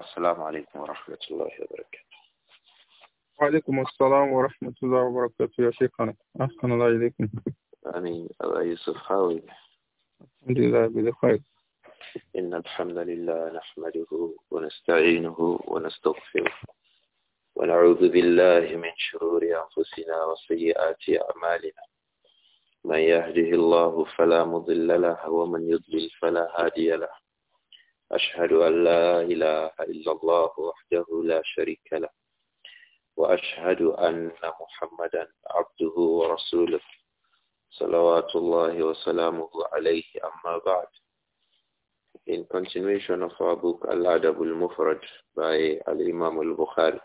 السلام عليكم ورحمة الله وبركاته وعليكم السلام ورحمة الله وبركاته يا شيخنا أحسن الله إليكم آمين أبا يوسف حاوي الحمد لله بخير إن الحمد لله نحمده ونستعينه ونستغفره ونعوذ بالله من شرور أنفسنا وسيئات أعمالنا من يهده الله فلا مضل له ومن يضلل فلا هادي له أشهد أن لا إله إلا الله وحده لا شريك له وأشهد أن محمدا عبده ورسوله صلوات الله وسلامه عليه أما بعد In continuation of our book Al-Adab al-Mufrad by Al-Imam al-Bukhari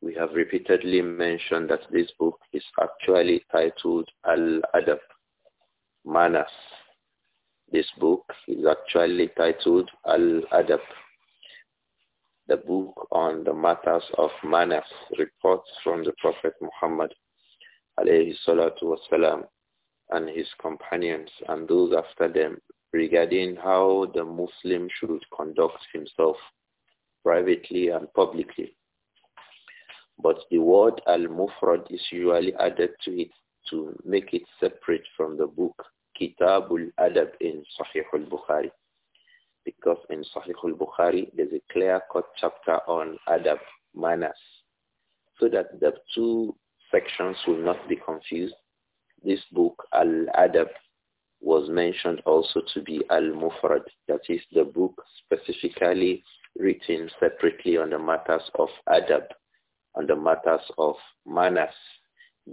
we have repeatedly mentioned that this book is actually titled Al-Adab Manas this book is actually titled Al-Adab, the book on the matters of manners, reports from the Prophet Muhammad alayhi salatu wasalam, and his companions and those after them regarding how the Muslim should conduct himself privately and publicly. But the word al-mufrad is usually added to it to make it separate from the book Kitabul Adab in Sahih al-Bukhari. Because in Sahih al-Bukhari, there's a clear-cut chapter on adab, manners. So that the two sections will not be confused. This book, Al-Adab, was mentioned also to be Al-Mufrad, that is the book specifically written separately on the matters of adab, on the matters of manners,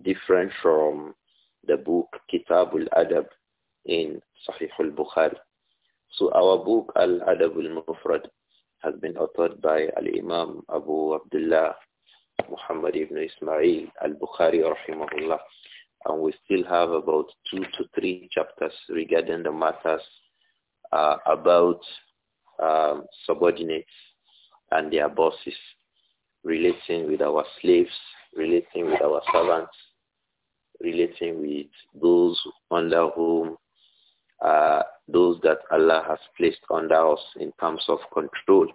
different from the book Kitabul Adab, in Sahih al-Bukhari. So our book Al-Adab al-Mufrad has been authored by Al-Imam Abu Abdullah Muhammad ibn Ismail al-Bukhari rahimahullah. And we still have about two to three chapters regarding the matters uh, about um, subordinates and their bosses, relating with our slaves, relating with our servants, relating with those under whom uh, those that Allah has placed under us in terms of control.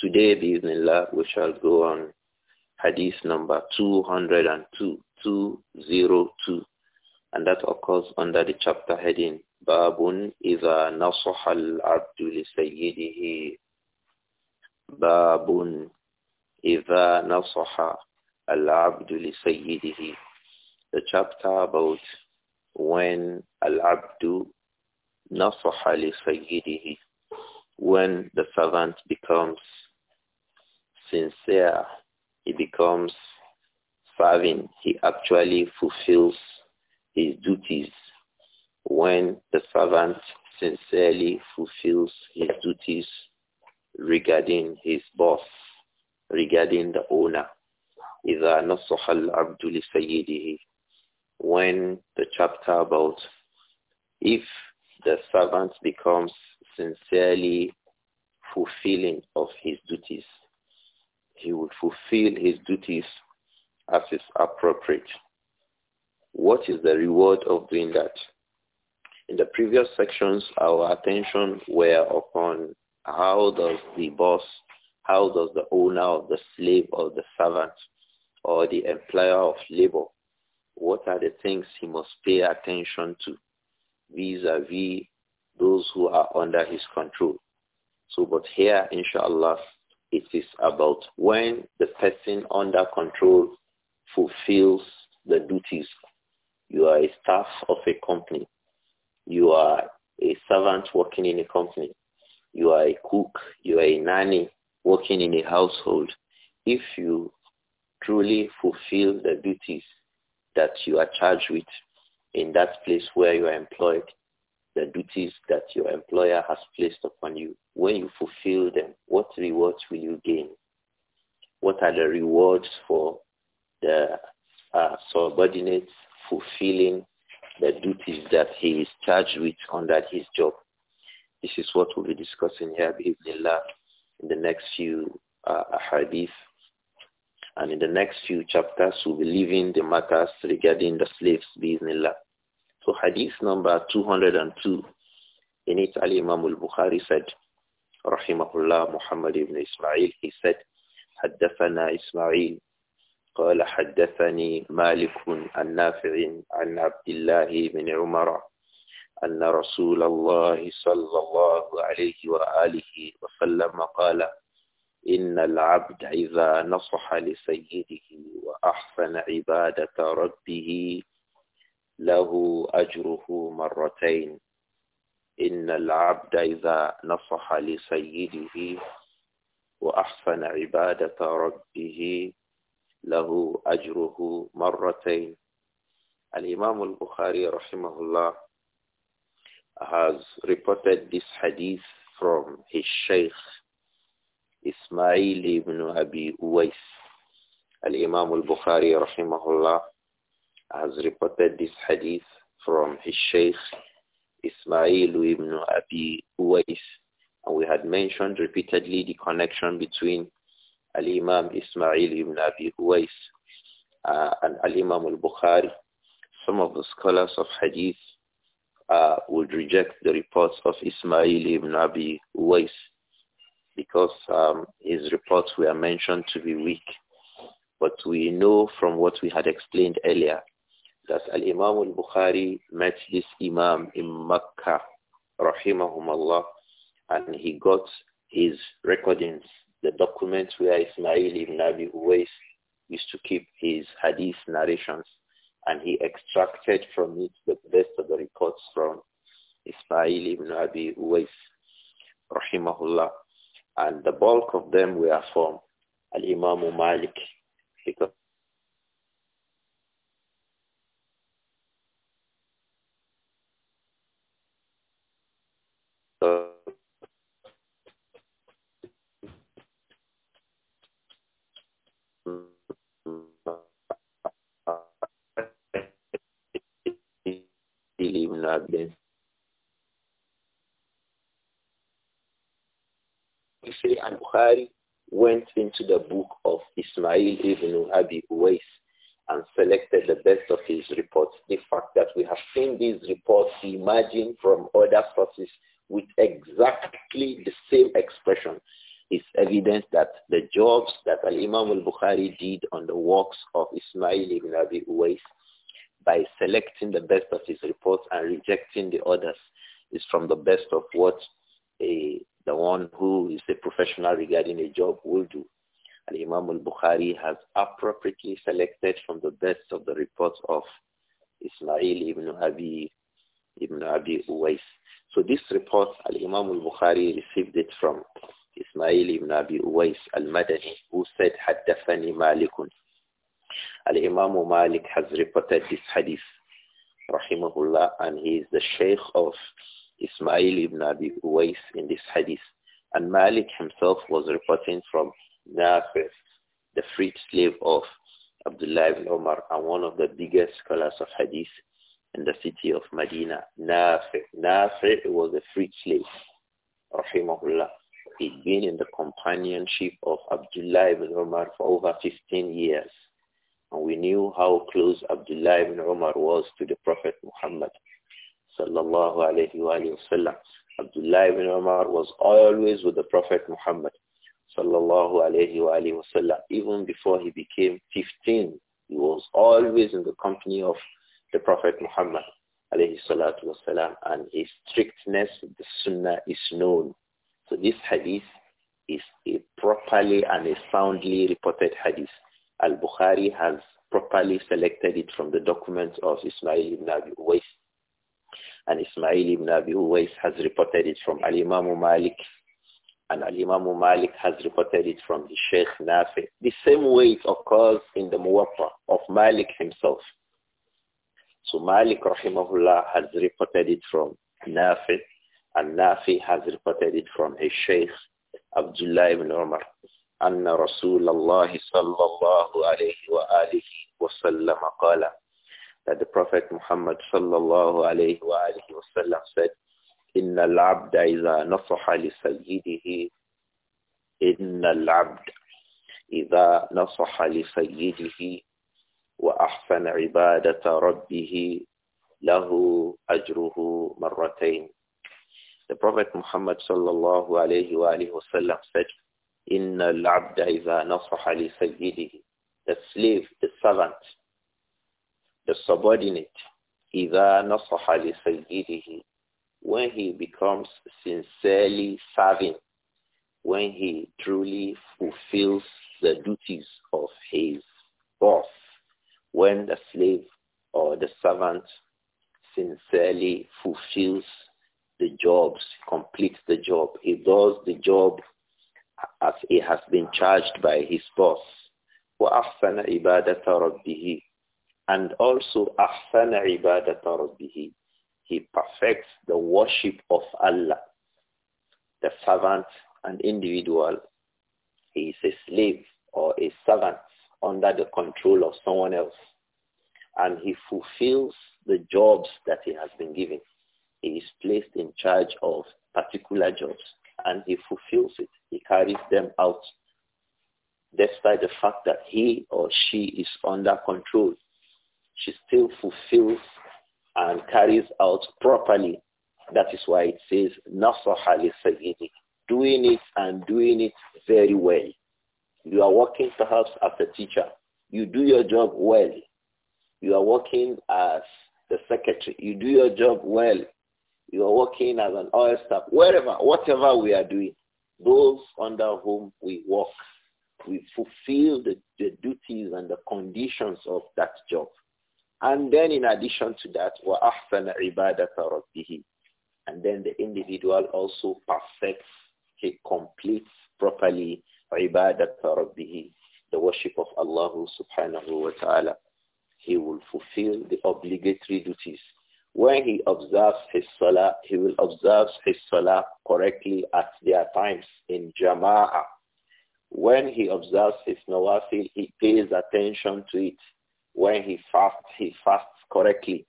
Today, bismillah, we shall go on hadith number 202, 202, and that occurs under the chapter heading Babun إذا نصح abdu لسيده Babun إذا Al-Abdu لسيده The chapter about when al-abdu nasaha li sayyidihi, when the servant becomes sincere, he becomes serving, he actually fulfills his duties. When the servant sincerely fulfills his duties regarding his boss, regarding the owner, إذا نصح العبد لسيده when the chapter about if the servant becomes sincerely fulfilling of his duties, he will fulfill his duties as is appropriate. What is the reward of doing that? In the previous sections, our attention were upon how does the boss, how does the owner of the slave or the servant or the employer of labor what are the things he must pay attention to vis-a-vis those who are under his control? So, but here, inshallah, it is about when the person under control fulfills the duties. You are a staff of a company. You are a servant working in a company. You are a cook. You are a nanny working in a household. If you truly fulfill the duties that you are charged with in that place where you are employed, the duties that your employer has placed upon you, when you fulfill them, what rewards will you gain? What are the rewards for the uh, subordinate fulfilling the duties that he is charged with under his job? This is what we'll be discussing here, Bismillah, in the next few uh, hadith and in the next few chapters, we'll be leaving the matters regarding the slaves, business. So hadith number 202, in it Imam al-Bukhari said, rahimahullah Muhammad ibn Ismail, he said, حدثنا إسماعيل قال حدثني مالك عن نافع عن عبد الله بن عمر أن رسول الله صلى الله عليه وآله وسلم قال إن العبد إذا نصح لسيده وأحسن عبادة ربه له أجره مرتين إن العبد إذا نصح لسيده وأحسن عبادة ربه له أجره مرتين الإمام البخاري رحمه الله has reported this hadith from his sheikh Ismail ibn Abi Uwais. Al-Imam al-Bukhari rahimahullah has reported this hadith from his sheikh Ismail ibn Abi Uwais. And we had mentioned repeatedly the connection between Al-Imam Ismail ibn Abi Uwais uh, and Al-Imam bukhari Some of the scholars of hadith uh, would reject the reports of Ismail ibn Abi Uwais because um, his reports were mentioned to be weak. But we know from what we had explained earlier that Al-Imam al-Bukhari met this Imam in Makkah, rahimahumullah, and he got his recordings, the documents where Ismail ibn Abi Uwais used to keep his hadith narrations, and he extracted from it the best of the reports from Ismail ibn Abi Uwais, rahimahullah and the bulk of them were from Al-Imam Malik because Bukhari went into the book of Ismail ibn Abi Uwais and selected the best of his reports. The fact that we have seen these reports emerging from other sources with exactly the same expression is evidence that the jobs that Al-Imam al-Bukhari did on the works of Ismail ibn Abi Uwais by selecting the best of his reports and rejecting the others is from the best of what a the one who is a professional regarding a job will do. And Imam al-Bukhari has appropriately selected from the best of the reports of Ismail ibn Abi ibn Abi Uwais. So this report, Al-Imam al-Bukhari received it from Ismail ibn Abi Uwais al-Madani, who said, Haddafani Malikun. Al-Imam Malik has reported this hadith, rahimahullah, and he is the sheikh of Ismail ibn Abi Uwais in this hadith. And Malik himself was reporting from Nafis, the freed slave of Abdullah ibn Omar and one of the biggest scholars of hadith in the city of Medina. Nafi. Nafi was a freed slave, rahimahullah. He'd been in the companionship of Abdullah ibn Omar for over 15 years. And we knew how close Abdullah ibn Omar was to the Prophet Muhammad sallallahu alayhi wa sallam. Abdullah ibn Umar was always with the Prophet Muhammad sallallahu alayhi wa sallam. Even before he became 15, he was always in the company of the Prophet Muhammad alayhi salatu wa And his strictness with the sunnah is known. So this hadith is a properly and a soundly reported hadith. Al-Bukhari has properly selected it from the documents of Ismail ibn Abi Uwais and Ismail ibn Abi Uwais has reported it from Al-Imam Malik. And Al-Imam Malik has reported it from his Sheikh Nafi. The same way it occurs in the Muwatta of Malik himself. So Malik rahimahullah has reported it from Nafi. And Nafi has reported it from his Sheikh Abdullah ibn Umar. أن رسول الله صلى الله عليه وآله وسلم قال that the Prophet Muhammad sallallahu alayhi wa alihi wasallam said, إِنَّ الْعَبْدَ إِذَا نَصَحَ لِسَيِّدِهِ إِنَّ الْعَبْدَ إِذَا نَصَحَ لِسَيِّدِهِ وَأَحْسَنَ عِبَادَةَ رَبِّهِ لَهُ أَجْرُهُ مَرَّتَيْنِ The Prophet Muhammad sallallahu alayhi wa alihi wasallam said, إِنَّ الْعَبْدَ إِذَا نَصَحَ لِسَيِّدِهِ The slave, the servant, the subordinate, إِذَا نَصَحَ لِسَيِّدِهِ When he becomes sincerely serving, when he truly fulfills the duties of his boss, when the slave or the servant sincerely fulfills the jobs, completes the job, he does the job as he has been charged by his boss. وَأَحْسَنَ إِبَادَةَ رَبِّهِ and also, أحسن عبادة ربه. He perfects the worship of Allah. The servant, an individual, he is a slave or a servant under the control of someone else. And he fulfills the jobs that he has been given. He is placed in charge of particular jobs and he fulfills it. He carries them out despite the fact that he or she is under control she still fulfills and carries out properly. That is why it says, Nasaha li doing it and doing it very well. You are working perhaps as a teacher. You do your job well. You are working as the secretary. You do your job well. You are working as an oil staff. Wherever, whatever we are doing, those under whom we work, we fulfill the, the duties and the conditions of that job. And then in addition to that, وَأَحْسَنَ عِبَادَةَ رَبِّهِ And then the individual also perfects, he completes properly عِبَادَةَ رَبِّهِ The worship of Allah subhanahu wa ta'ala. He will fulfill the obligatory duties. When he observes his salah, he will observe his salah correctly at their times in jama'ah. When he observes his nawafil, he pays attention to it when he fasts, he fasts correctly.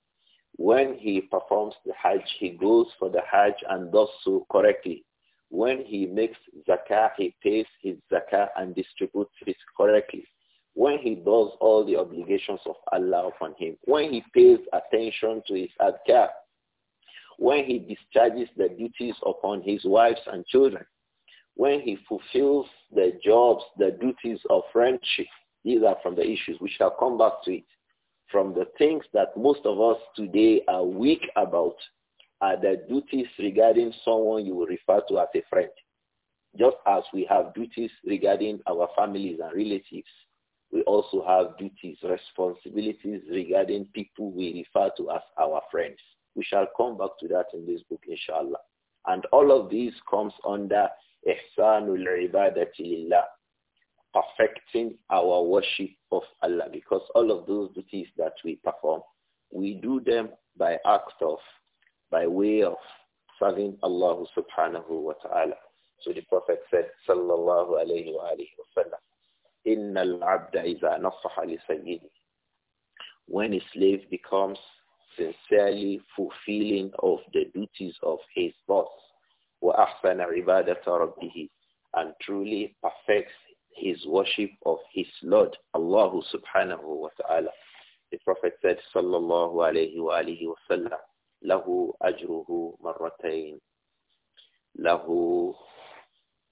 When he performs the Hajj, he goes for the Hajj and does so correctly. When he makes zakah, he pays his zakah and distributes it correctly. When he does all the obligations of Allah upon him. When he pays attention to his adkar. When he discharges the duties upon his wives and children. When he fulfills the jobs, the duties of friendship these are from the issues. We shall come back to it. From the things that most of us today are weak about are the duties regarding someone you will refer to as a friend. Just as we have duties regarding our families and relatives, we also have duties, responsibilities regarding people we refer to as our friends. We shall come back to that in this book, inshallah. And all of these comes under ihsanul ibadati lillah, perfecting our worship of Allah because all of those duties that we perform, we do them by act of, by way of serving Allah subhanahu wa ta'ala. So the Prophet said, sallallahu alayhi wa alayhi wa sallam, إِنَّ الْعَبْدَ إِذَا نَصَحَ When a slave becomes sincerely fulfilling of the duties of his boss, وَأَحْسَنَ عِبَادَةَ رَبِّهِ and truly perfects his worship of his Lord, Allah subhanahu wa ta'ala. The Prophet said, sallallahu alayhi wa alihi wa sallam, lahu ajruhu marratayn. Lahu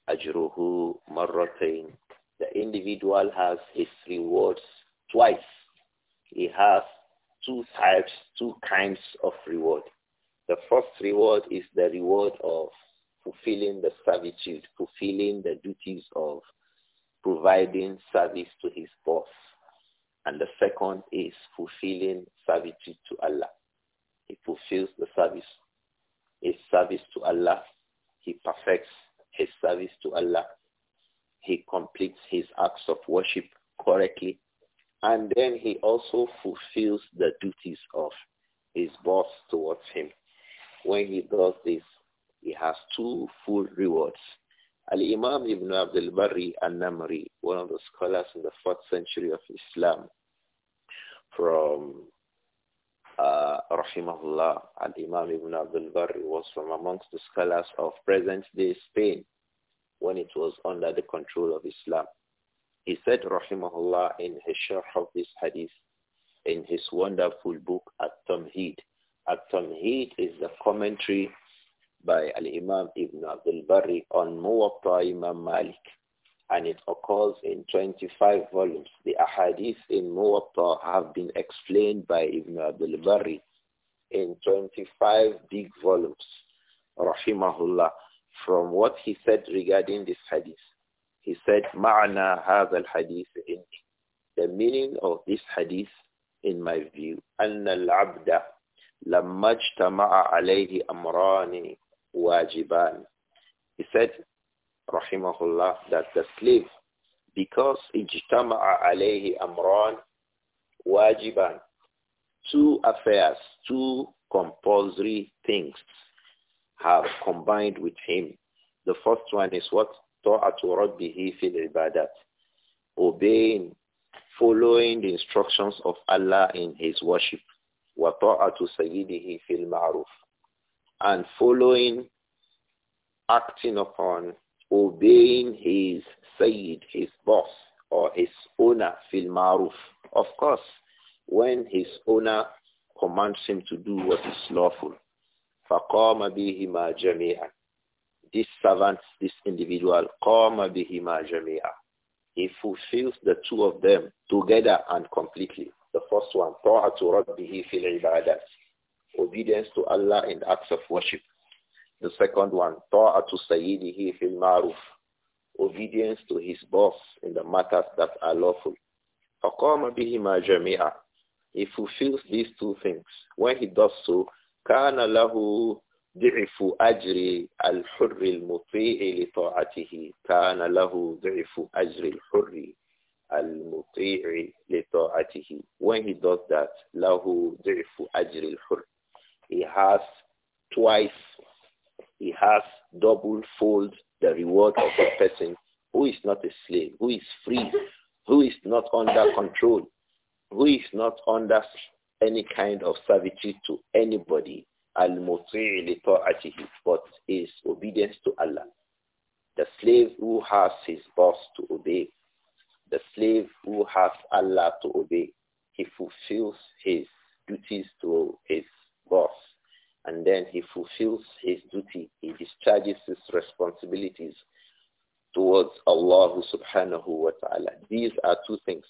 ajruhu marratayn. The individual has his rewards twice. He has two types, two kinds of reward. The first reward is the reward of fulfilling the servitude, fulfilling the duties of providing service to his boss. And the second is fulfilling servitude to Allah. He fulfills the service. His service to Allah. He perfects his service to Allah. He completes his acts of worship correctly. And then he also fulfills the duties of his boss towards him. When he does this, he has two full rewards. Al-Imam Ibn Abdul Barri al-Namri, one of the scholars in the 4th century of Islam from uh, Rahimahullah, Al-Imam Ibn Abdul Barri was from amongst the scholars of present-day Spain when it was under the control of Islam. He said, Rahimahullah, in his sharh of this hadith, in his wonderful book, At-Tamheed. At-Tamheed is the commentary by Al-Imam Ibn Abdul Bari on Muwatta Imam Malik. And it occurs in 25 volumes. The ahadith in Muwatta have been explained by Ibn Abdul Bari in 25 big volumes. Rahimahullah. From what he said regarding this hadith, he said, Ma'ana هذا الحديث in The meaning of this hadith, in my view, أن العبد لما اجتمع عليه أمران wajiban. He said, rahimahullah, that the slave, because ijtama'a alayhi amran wajiban, two affairs, two compulsory things have combined with him. The first one is what? Ta'atu rabbihi fil ibadat. Obeying, following the instructions of Allah in his worship. Wa ta'atu sayyidihi fil ma'ruf and following, acting upon, obeying his Sayyid, his boss, or his owner, fil maruf. Of course, when his owner commands him to do what is lawful. فَقَامَ بِهِمَا جَمِيعًا This servant, this individual, قَامَ بِهِمَا جَمِيعًا He fulfills the two of them together and completely. The first one, طَاعَةُ رَبِّهِ فِي الْعِبَادَةِ obedience to Allah and acts of worship. The second one, ta'atu sayyidihi fil ma'ruf, obedience to his boss in the matters that are lawful. فَقَامَ بِهِمَا جَمِيعًا He fulfills these two things. When he does so, كَانَ لَهُ ضعف أجر الحر المطيع لطاعته كان له ضعف أجر الحر المطيع لطاعته when he does that له ضعف أجر الحر he has twice, he has double fold the reward of a person who is not a slave, who is free, who is not under control, who is not under any kind of servitude to anybody, but is obedience to Allah. The slave who has his boss to obey, the slave who has Allah to obey, he fulfills his duties to his boss. And then he fulfills his duty. He discharges his responsibilities towards Allah subhanahu wa ta'ala. These are two things.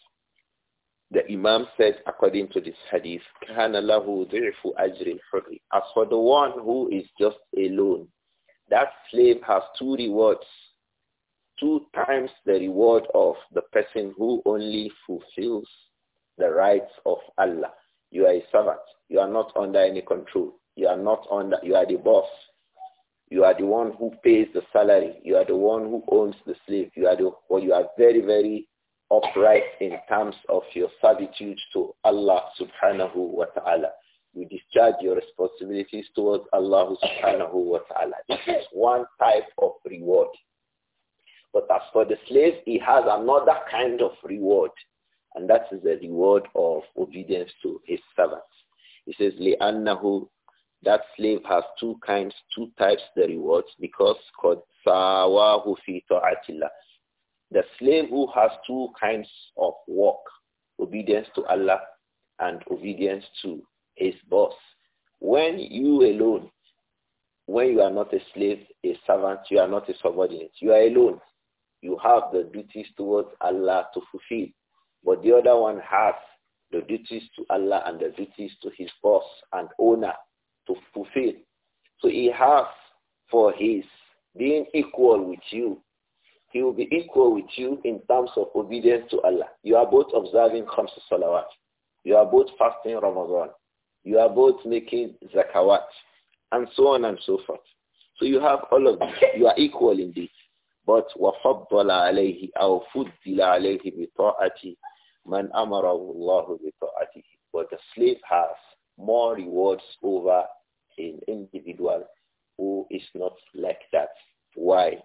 The Imam said, according to this hadith, كَانَ لَهُ أَجْرِ الْحُرِّ As for the one who is just alone, that slave has two rewards, two times the reward of the person who only fulfills the rights of Allah. You are a servant. You are not under any control. You are not under, you are the boss. You are the one who pays the salary. You are the one who owns the slave. You are the, well, you are very, very upright in terms of your servitude to Allah subhanahu wa ta'ala. You discharge your responsibilities towards Allah subhanahu wa ta'ala. This is one type of reward. But as for the slave, he has another kind of reward. And that is the reward of obedience to his servants. He says, "Le'annahu That slave has two kinds, two types the rewards because قَدْ سَاوَاهُ فِي طَاعَةِ The slave who has two kinds of work, obedience to Allah and obedience to his boss. When you alone, when you are not a slave, a servant, you are not a subordinate, you are alone. You have the duties towards Allah to fulfill. But the other one has the duties to Allah and the duties to his boss and owner to fulfill. So he has for his being equal with you. He will be equal with you in terms of obedience to Allah. You are both observing Khams Salawat. You are both fasting Ramadan. You are both making Zakawat. And so on and so forth. So you have all of this. You are equal in this. But وَفَضَّلَ عَلَيْهِ أَوْ فُضِّلَ عَلَيْهِ بِطَاعَتِهِ Man amarahu But the slave has more rewards over an individual who is not like that. Why?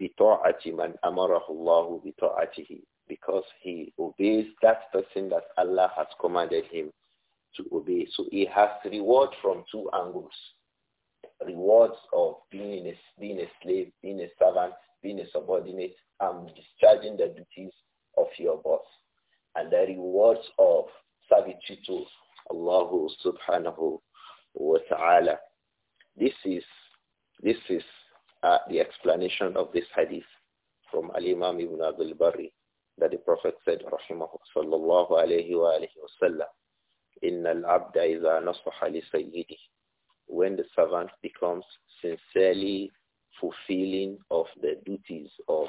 بِطَاعَةِ مَنْ أَمَرَهُ اللَّهُ Because he obeys that person that Allah has commanded him to obey. So he has reward from two angles. Rewards of being a, being a slave, being a servant, being a subordinate, and discharging the duties of your boss and the rewards of servitude to Allah subhanahu wa ta'ala. This is, this is uh, the explanation of this hadith from Al-Imam Ibn Abdul Barri that the Prophet said, رحمه sallallahu inna al-abda iza sayyidi. When the servant becomes sincerely fulfilling of the duties of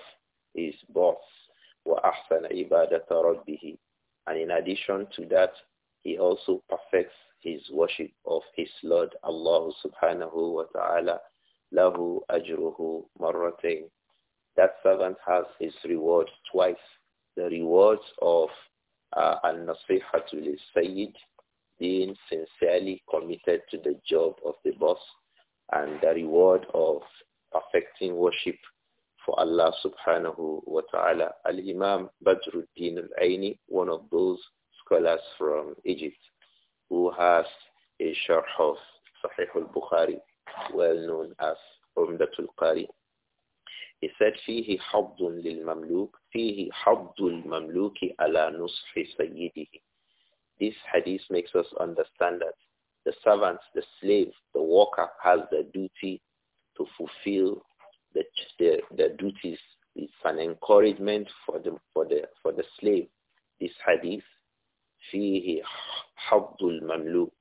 his boss, وَأَحْسَنَ عِبَادَةَ رَبِّهِ And in addition to that, he also perfects his worship of his Lord Allah subhanahu wa ta'ala lahu ajruhu marratain. That servant has his reward twice. The rewards of uh, al-nasihatu sayyid being sincerely committed to the job of the boss and the reward of perfecting worship for Allah subhanahu wa ta'ala. Al-Imam Badruddin al-Aini, one of those scholars from Egypt who has a sharh of Sahih al-Bukhari, well known as Umdatul Qari. He said, فيه حظ للمملوك فيه حظ المملوك على نصح سيده. This hadith makes us understand that the servant, the slave, the worker has the duty to fulfill the, the, the duties. It's an encouragement for the, for the, for the slave. This hadith, فيه حظ المملوك.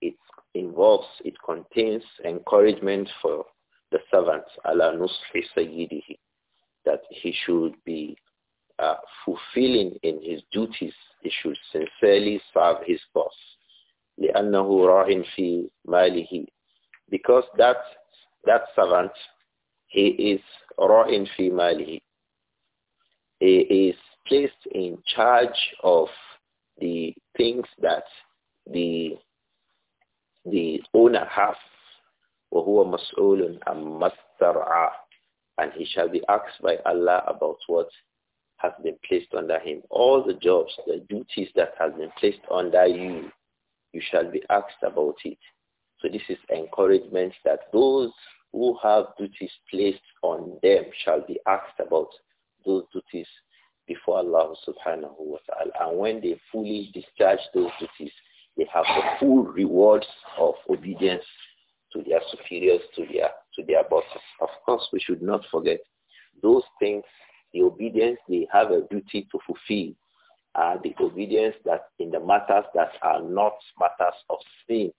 It involves, it contains encouragement for the servant, ala nusfi sayyidihi, that he should be uh, fulfilling in his duties. He should sincerely serve his boss. لأنه راهن في ماله because that that servant he is ra'in fi malihi. He is placed in charge of the things that the the owner has. وَهُوَ مَسْئُولٌ أَمْ مَسْتَرْعَى And he shall be asked by Allah about what has been placed under him. All the jobs, the duties that has been placed under you, you shall be asked about it. So this is encouragement that those who have duties placed on them shall be asked about those duties before Allah subhanahu wa ta'ala. And when they fully discharge those duties, they have the full rewards of obedience to their superiors, to their, to their bosses. Of course, we should not forget those things, the obedience they have a duty to fulfill are uh, the obedience that in the matters that are not matters of sin.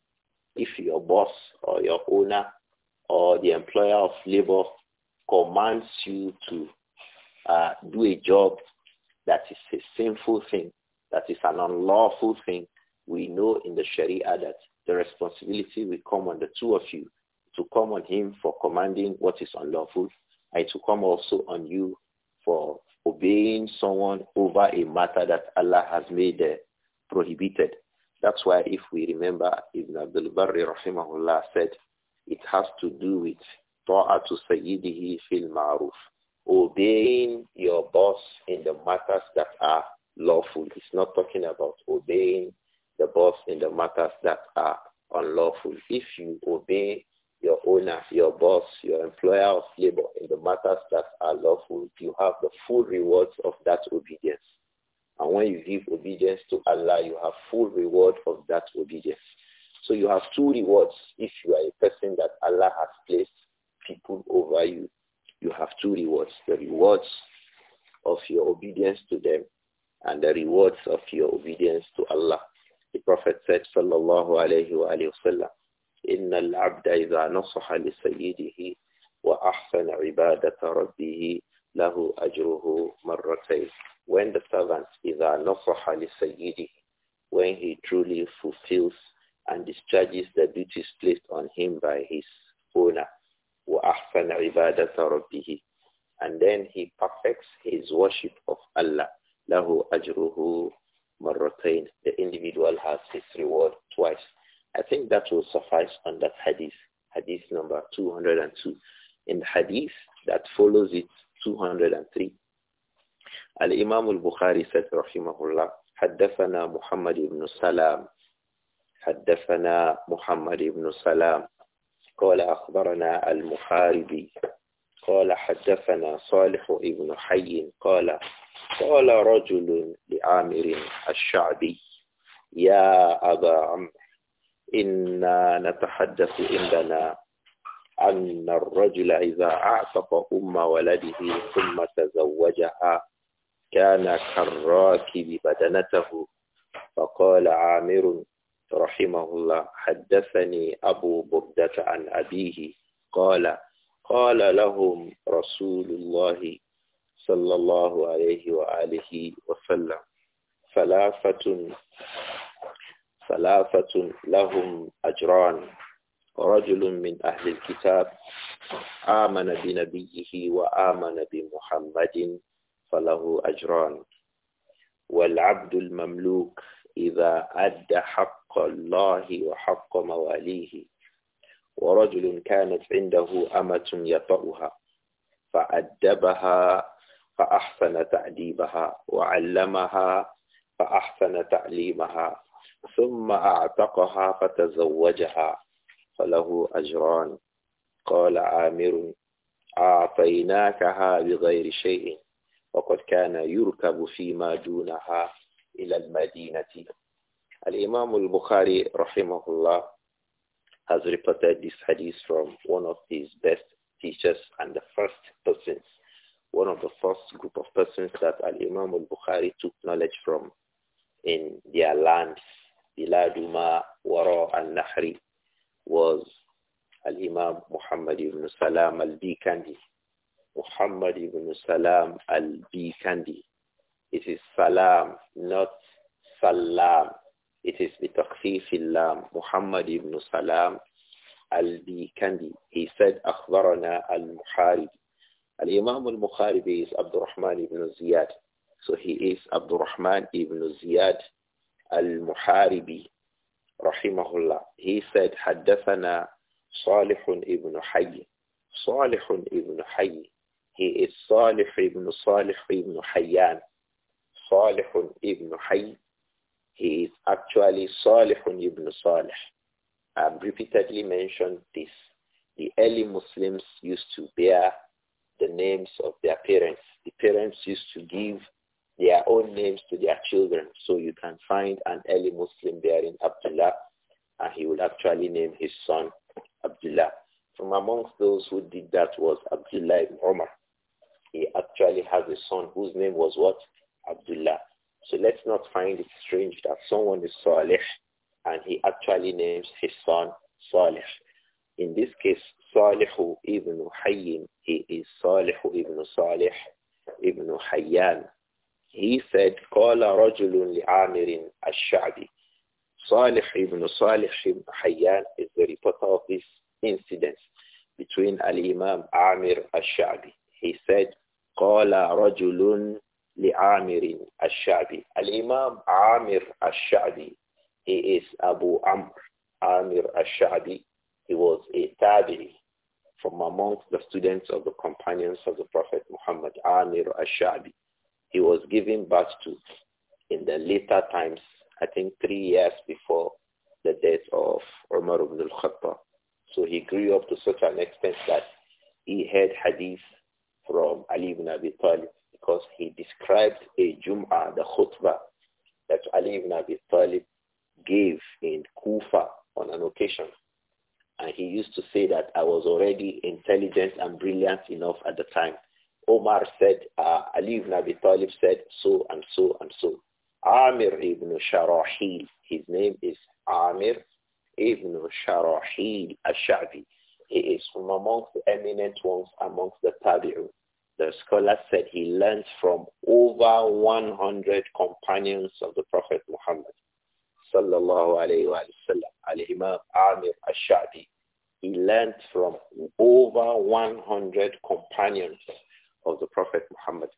If your boss or your owner or the employer of labor commands you to uh, do a job that is a sinful thing, that is an unlawful thing, we know in the Sharia that the responsibility will come on the two of you to come on him for commanding what is unlawful and to come also on you for obeying someone over a matter that Allah has made uh, prohibited. That's why if we remember Ibn Abdul Barri rahimahullah said it has to do with ta'atu sayyidihi fil ma'ruf. Obeying your boss in the matters that are lawful. It's not talking about obeying the boss in the matters that are unlawful. If you obey your owner, your boss, your employer of labor in the matters that are lawful, you have the full rewards of that obedience. And when you give obedience to Allah, you have full reward of that obedience. So you have two rewards if you are a person that Allah has placed people over you. You have two rewards, the rewards of your obedience to them and the rewards of your obedience to Allah. The Prophet said, Sallallahu alayhi wa alayhi wa sallam, إِنَّ الْعَبْدَ إِذَا نَصَحَ لِسَيِّدِهِ وَأَحْسَنَ عِبَادَةَ رَبِّهِ لَهُ أَجْرُهُ مَرَّتَيْنِ When the servant, إِذَا نَصَحَ لِسَيِّدِهِ When he truly fulfills and discharges the duties placed on him by his owner. وَأَحْسَنَ عِبَادَةَ رَبِّهِ And then he perfects his worship of Allah. لَهُ أَجْرُهُ مَرَّتَيْن The individual has his reward twice. I think that will suffice on that hadith, hadith number 202. In the hadith that follows it, 203. Al-Imam al-Bukhari said, رحمه الله, حدثنا محمد بن سلام حدثنا محمد بن سلام قال أخبرنا المحاربي قال حدثنا صالح بن حي قال قال رجل لعامر الشعبي يا أبا عمرو إنا نتحدث عندنا أن الرجل إذا أعتق أم ولده ثم تزوجها كان كالراكب بدنته فقال عامر رحمه الله حدثني أبو بردة عن أبيه قال قال لهم رسول الله صلى الله عليه وآله وسلم ثلاثة ثلاثة لهم أجران رجل من أهل الكتاب آمن بنبيه وآمن بمحمد فله أجران والعبد المملوك إذا أدى حق حق الله وحق مواليه ورجل كانت عنده أمة يطأها فأدبها فأحسن تأديبها وعلمها فأحسن تعليمها ثم أعتقها فتزوجها فله أجران قال عامر أعطيناكها بغير شيء وقد كان يركب فيما دونها إلى المدينة Al-Imam al-Bukhari, rahimahullah, has reported this hadith from one of his best teachers and the first persons, one of the first group of persons that Al-Imam al-Bukhari took knowledge from in their lands. Biladuma Wara al-Nahri was Al-Imam Muhammad ibn Salam al-Bikandi. Muhammad ibn Salam al-Bikandi. It is Salam, not Salam. It is بتخفيف اللام محمد بن سلام البيكندي. He said أخبرنا المحارب. الإمام المخاربي is عبد الرحمن بن زياد. So he is عبد الرحمن بن زياد المحاربي رحمه الله. He said حدثنا صالح ابن حي. صالح ابن حي. He is صالح ابن صالح ابن حيان. صالح ابن حي He is actually Salihun ibn Salih. I've repeatedly mentioned this. The early Muslims used to bear the names of their parents. The parents used to give their own names to their children. So you can find an early Muslim bearing Abdullah, and he will actually name his son Abdullah. From amongst those who did that was Abdullah ibn Omar. He actually has a son whose name was what? Abdullah. So let's not find it strange that someone is Salih and he actually names his son Salih. In this case, Salih ibn Hayyin, he is Salih ibn Salih ibn Hayyan. He said, قال رجل لعامر الشعبي. Salih ibn Salih ibn Hayyan is the reporter of this incident between Al-Imam Amir al-Sha'bi. He said, قال رجل لعامر الشعبي الإمام عامر الشعبي he is Abu Amr Amir al-Sha'bi he was a Tabi, from amongst the students of the companions of the Prophet Muhammad al he was given birth to in the later times I think three years before the death of Umar ibn al-Khattab so he grew up to such an extent that he had hadith from Ali ibn Abi Talib because he described a Jum'ah, the khutbah that Ali ibn Abi Talib gave in Kufa on an occasion. And he used to say that I was already intelligent and brilliant enough at the time. Omar said, uh, Ali ibn Abi Talib said so and so and so. Amir ibn Sharahil, his name is Amir ibn Sharahil al-Sha'bi. He is from amongst the eminent ones amongst the Tabi'un the scholar said he learned from over 100 companions of the Prophet Muhammad sallallahu alayhi wa sallam, Amir Ashadi. He learned from over 100 companions of the Prophet Muhammad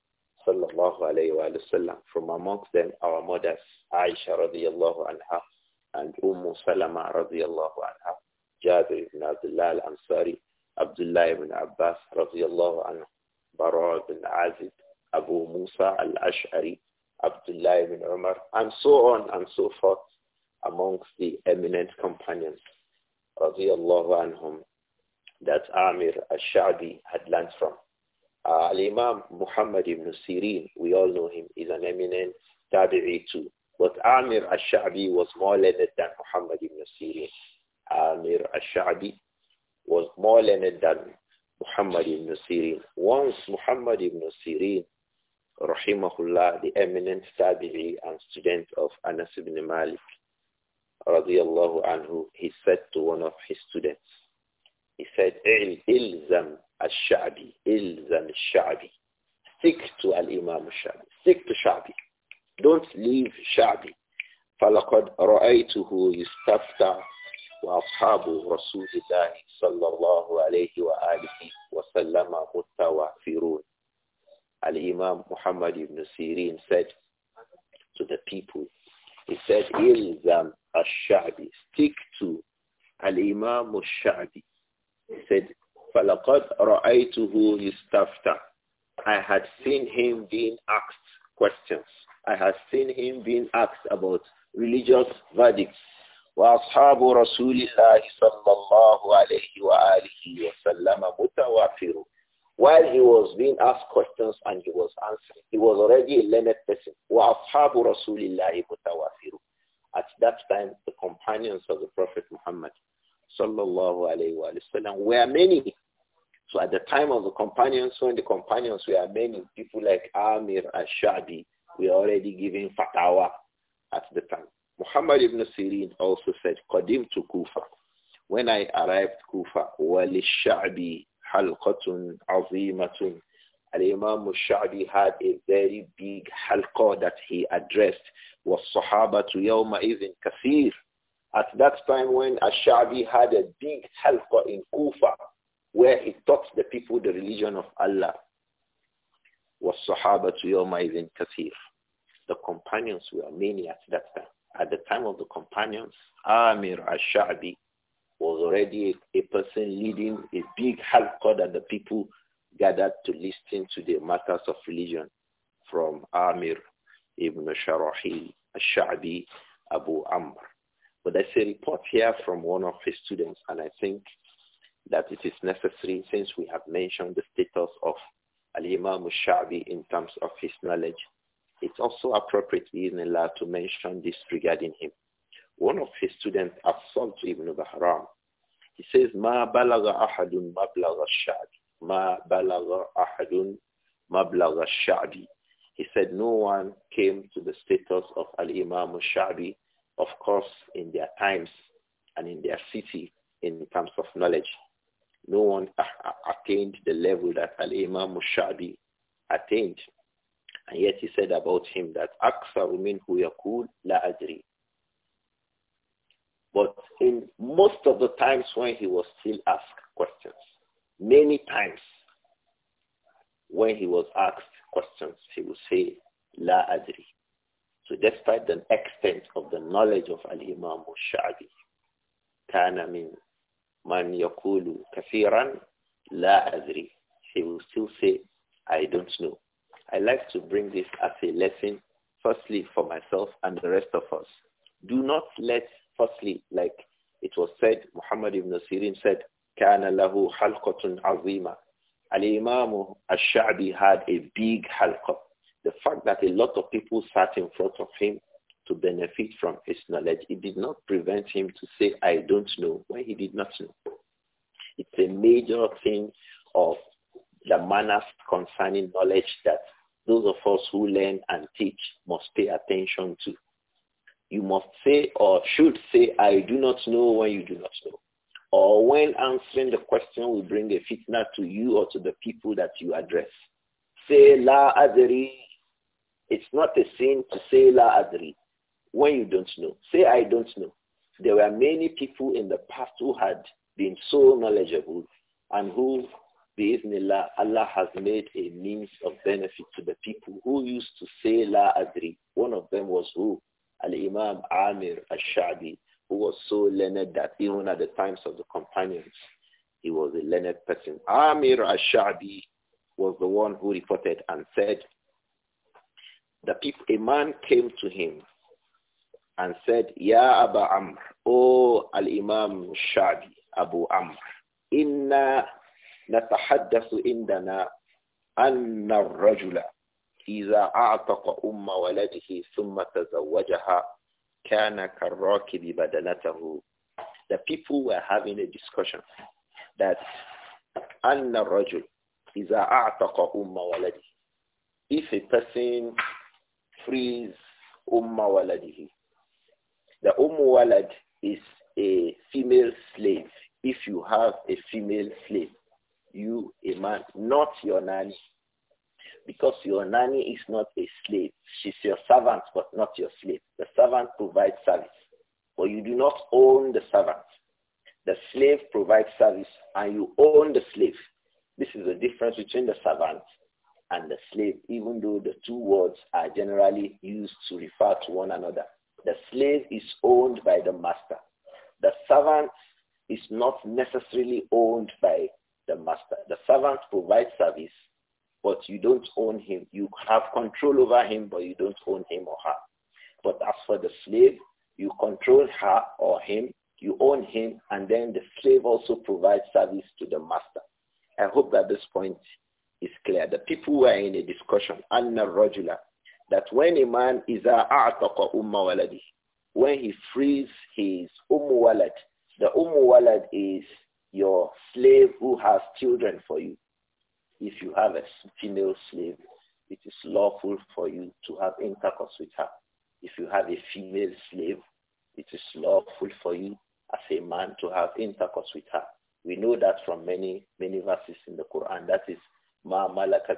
sallallahu alayhi wa from amongst them our mothers Aisha radiallahu anha and Umm Salama radiallahu anha, Jabir ibn Abdullah al-Ansari, Abdullah ibn Abbas radiallahu anha. Bara bin Azib, Abu Musa al-Ash'ari, Abdullah ibn Umar, and so on and so forth amongst the eminent companions, رضي الله عنهم, that Amir al-Sha'bi had learned from. Uh, Al-Imam Muhammad ibn Sirin, we all know him, is an eminent tabi'i too. But Amir al-Sha'bi was more learned than Muhammad ibn Sirin. Amir al-Sha'bi was more learned than Muhammad ibn Sirin. Once Muhammad ibn Sirin, rahimahullah, the eminent tabi'i and student of Anas ibn Malik, radiyallahu anhu, he said to one of his students, he said, ilzam al-sha'bi, ilzam al-sha'bi. Stick to al-imam al-sha'bi, stick to sha'bi. Don't leave sha'bi. فلقد رأيته يُسْتَفْتَعَ وأصحاب رسول الله صلى الله عليه وآله وسلم متوافرون Al-Imam Muhammad ibn said to the people, he said, Ilzam al-Sha'bi, stick to Al-Imam al-Sha'bi. He said, فَلَقَدْ رَأَيْتُهُ يُسْتَفْتَى I had seen him being asked questions. I had seen him being asked about religious verdicts. وأصحاب رسول الله صلى الله عليه وآله وسلم متوافر While he was being asked questions and he was answering, he was already a learned person. وأصحاب رسول الله متوافر At that time, the companions of the Prophet Muhammad صلى الله عليه وآله وسلم were many. So at the time of the companions, when the companions were many, people like Amir al-Shabi were already giving fatwa at the time. Muhammad ibn Sirin also said, Qadim to Kufa. When I arrived Kufa, وللشعب عَظِيمَةٌ Al-Imam al-Sha'bi had a very big halqa that he addressed. Was Sahaba to Yawma يَوْمَئِذٍ كَثِيرٌ At that time when al-Sha'bi had a big halqa in Kufa, where he taught the people the religion of Allah. was Sahaba to Yawma يَوْمَئِذٍ كَثِيرٌ The companions were many at that time at the time of the companions, Amir al-Sha'bi was already a, a, person leading a big halqa that the people gathered to listen to the matters of religion from Amir ibn Sharahil al-Sha'bi Abu Amr. But there's a report here from one of his students, and I think that it is necessary, since we have mentioned the status of Al-Imam al-Sha'bi in terms of his knowledge, it's also appropriate in Allah to mention this regarding him. One of his students, Assault ibn Bahram, he says, Ma balaga ahadun mablaga sha'bi. Ma balaga ahadun mablaga sha'bi. He said, no one came to the status of al-Imam al-Sha'bi, of course, in their times and in their city in terms of knowledge. No one attained the level that al-Imam al attained and yet he said about him that أَكْثَرُ مِنْهُ يَقُولُ لَا أَدْرِي But in most of the times when he was still asked questions, many times when he was asked questions, he would say, La Adri. So despite the extent of the knowledge of Al-Imam Shadi, shabi كان من من يقول كثيرا لا He will still say, I don't know. I like to bring this as a lesson, firstly for myself and the rest of us. Do not let, firstly, like it was said, Muhammad ibn Sirin said, كان له حلقة عظيمة. Al-Imam al-Sha'bi had a big halqa. The fact that a lot of people sat in front of him to benefit from his knowledge, it did not prevent him to say, I don't know, when he did not know. It's a major thing of the manners concerning knowledge that those of us who learn and teach must pay attention to. You must say or should say, I do not know when you do not know. Or when answering the question will bring a fitna to you or to the people that you address. Say la adri. It's not a sin to say la adri when you don't know. Say I don't know. There were many people in the past who had been so knowledgeable and who Bismillah, Allah has made a means of benefit to the people who used to say La Adri. One of them was who? Al-Imam Amir al-Shadi, who was so learned that even at the times of the companions, he was a learned person. Amir al-Shadi was the one who reported and said, the people, a man came to him and said, Ya Abu Amr, O Al-Imam Shadi, Abu Amr, Inna نتحدث عندنا أن الرجل إذا أعتق أم ولده ثم تزوجها كان كالراكب بدنته The people were having a discussion that أن الرجل إذا أعتق أم ولده If a person frees أم ولده The أم ولد is a female slave if you have a female slave you a man, not your nanny. Because your nanny is not a slave. She's your servant, but not your slave. The servant provides service, but you do not own the servant. The slave provides service, and you own the slave. This is the difference between the servant and the slave, even though the two words are generally used to refer to one another. The slave is owned by the master. The servant is not necessarily owned by the master. The servant provides service, but you don't own him. You have control over him, but you don't own him or her. But as for the slave, you control her or him, you own him, and then the slave also provides service to the master. I hope that this point is clear. The people were in a discussion, Anna Rajula, that when a man is a a'taqa umma waladi, when he frees his umm walad, the umm walad is your slave who has children for you. If you have a female slave, it is lawful for you to have intercourse with her. If you have a female slave, it is lawful for you as a man to have intercourse with her. We know that from many, many verses in the Quran. That is, ma malakat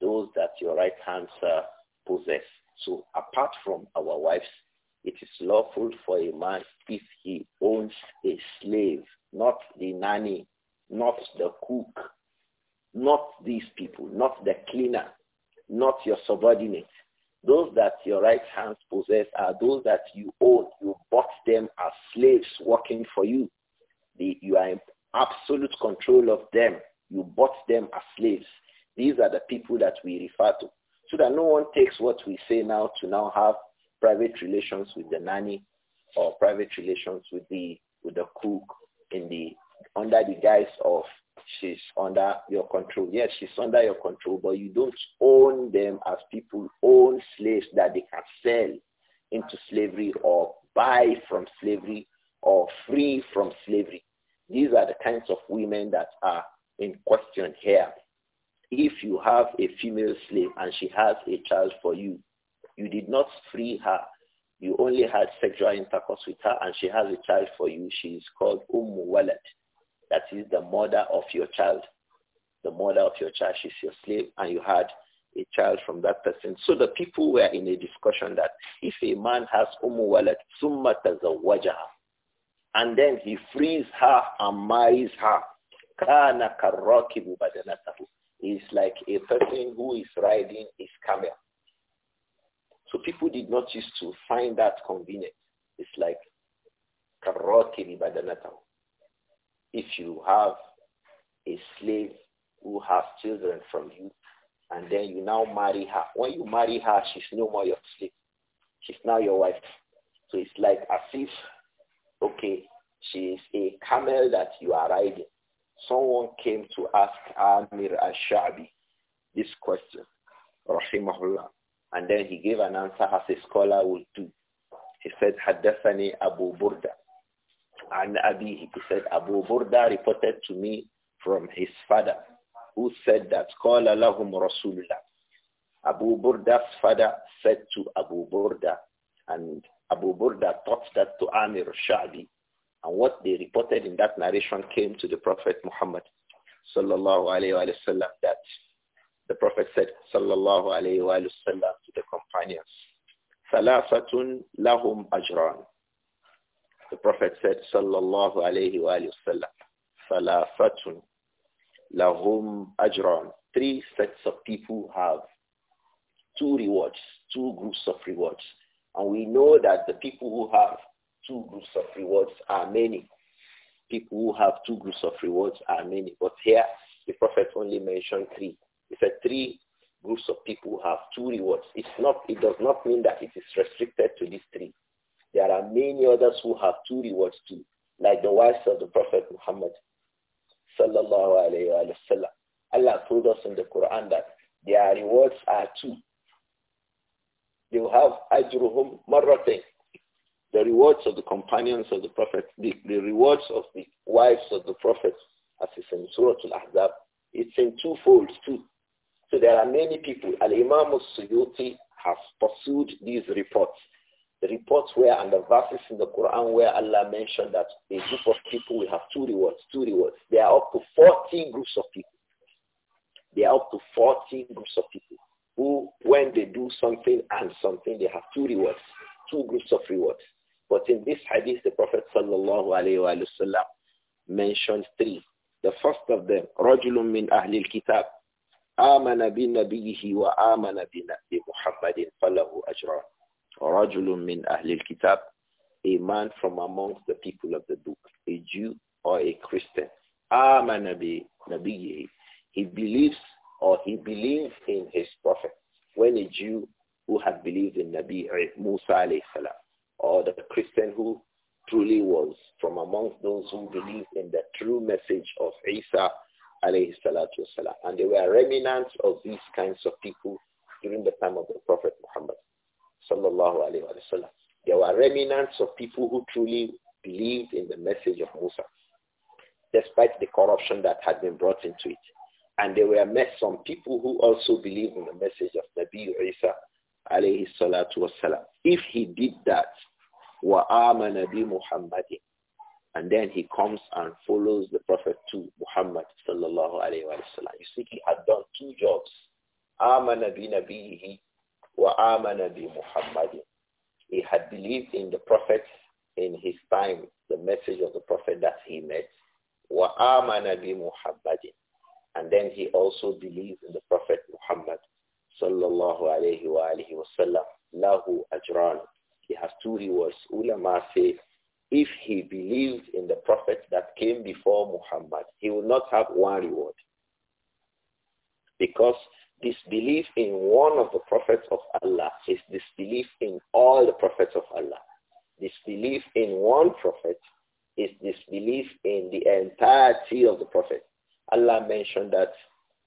those that your right hands uh, possess. So apart from our wives, it is lawful for a man if he owns a slave, not the nanny, not the cook, not these people, not the cleaner, not your subordinate. Those that your right hands possess are those that you own. You bought them as slaves working for you. The, you are in absolute control of them. You bought them as slaves. These are the people that we refer to. So that no one takes what we say now to now have private relations with the nanny or private relations with the with the cook in the under the guise of she's under your control. Yes, she's under your control, but you don't own them as people own slaves that they can sell into slavery or buy from slavery or free from slavery. These are the kinds of women that are in question here. If you have a female slave and she has a child for you, you did not free her. You only had sexual intercourse with her and she has a child for you. She is called Ummu Walad. That is the mother of your child. The mother of your child, she's your slave and you had a child from that person. So the people were in a discussion that if a man has Ummu Walad, summa tazawwajaha, and then he frees her and marries her, kana karakibu badanatahu. He's like a person who is riding his camel. So people did not used to find that convenient. It's like if you have a slave who has children from you, and then you now marry her. When you marry her, she's no more your slave. She's now your wife. So it's like as if, okay, she's a camel that you are riding. Someone came to ask Amir al-Shabi this question, rahimahullah. And then he gave an answer as a scholar would do. He said, Haddathani Abu Burda. And Abi, he said, Abu Burda reported to me from his father, who said that, Qala lahum Rasulullah. Abu Burda's father said to Abu Burda, and Abu Burda taught that to Amir Sha'bi. And what they reported in that narration came to the Prophet Muhammad sallallahu alayhi wa sallam that the Prophet said, sallallahu alayhi wa sallam, to the companions, thalathatun lahum ajran. The Prophet said, sallallahu alayhi wa sallam, lahum ajran. Three sets of people have two rewards, two groups of rewards. And we know that the people who have two groups of rewards are many. People who have two groups of rewards are many. But here, the Prophet only mentioned three. He said three groups of people have two rewards. It's not, it does not mean that it is restricted to these three. There are many others who have two rewards too, like the wives of the Prophet Muhammad. Sallallahu alayhi wa Allah told us in the Quran that their rewards are two. They will have ajruhum marratain. The rewards of the companions of the Prophet, the, the rewards of the wives of the Prophet, as it's in Surah Al-Ahzab, it's in two folds too. So there are many people. Al-Imam al-Suyuti has pursued these reports. The reports were and the verses in the Quran where Allah mentioned that a group of people will have two rewards, two rewards. There are up to 40 groups of people. There are up to 40 groups of people who, when they do something and something, they have two rewards, two groups of rewards. But in this hadith, the Prophet ﷺ mentioned three. The first of them, رَجُلٌ مِّنْ أَهْلِ الْكِتَابِ آمن بنبيه وآمن بمحمد فله أَجْرٌ رجل من أهل الكتاب a man from amongst the people of the book, a Jew or a Christian. آمن بنبيه He believes or he believes in his prophet. When a Jew who had believed in Nabi Musa alayhi salam, or the Christian who truly was from amongst those who believed in the true message of Isa alayhi salatu wasalam. And they were remnants of these kinds of people during the time of the Prophet Muhammad sallallahu alayhi wasallam. There were remnants of people who truly believed in the message of Musa, despite the corruption that had been brought into it. And there were met some people who also believed in the message of Nabi Isa alayhi salatu wasalam. If he did that, وَآمَنَ بِمُحَمَّدٍ and then he comes and follows the Prophet to Muhammad sallallahu alayhi wasallam. You see, he had done two jobs. آمن بنبيه وآمن Muhammadin. He had believed in the Prophet in his time, the message of the Prophet that he met. وآمن Muhammadin. And then he also believed in the Prophet Muhammad sallallahu alayhi wasallam. alihi Lahu ajran. He has two rewards. Ulama say if he believed in the prophets that came before Muhammad, he will not have one reward. Because disbelief in one of the prophets of Allah is disbelief in all the prophets of Allah. Disbelief in one prophet is disbelief in the entirety of the prophet. Allah mentioned that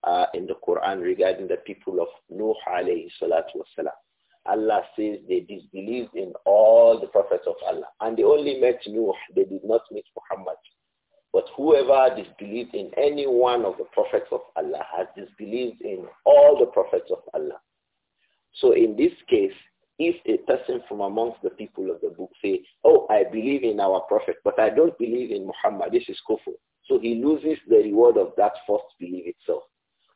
uh, in the Quran regarding the people of Nuh alayhi salatu wasalam. Allah says they disbelieved in all the prophets of Allah. And they only met Nuh. They did not meet Muhammad. But whoever disbelieved in any one of the prophets of Allah has disbelieved in all the prophets of Allah. So in this case, if a person from amongst the people of the book say, oh, I believe in our prophet, but I don't believe in Muhammad, this is kufr. So he loses the reward of that first belief itself.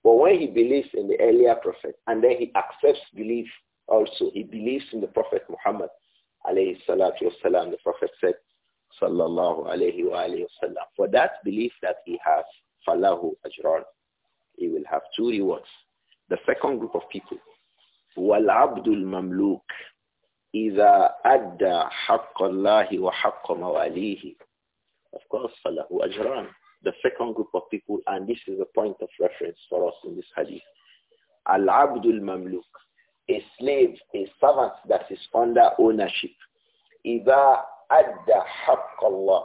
But when he believes in the earlier prophet and then he accepts belief also, he believes in the Prophet Muhammad, alayhi salatu wasalam. The Prophet said, sallallahu alayhi wa alayhi For that belief that he has, falahu ajran. He will have two rewards. The second group of people, wal abdul mamluk. إذا أدى حق الله وحق مواليه of course, Falahu Ajran, the second group of people, and this is a point of reference for us in this hadith. Al-Abdul Mamluk, a slave, a servant that is under ownership. إِذَا أَدَّ حَقَّ اللَّهِ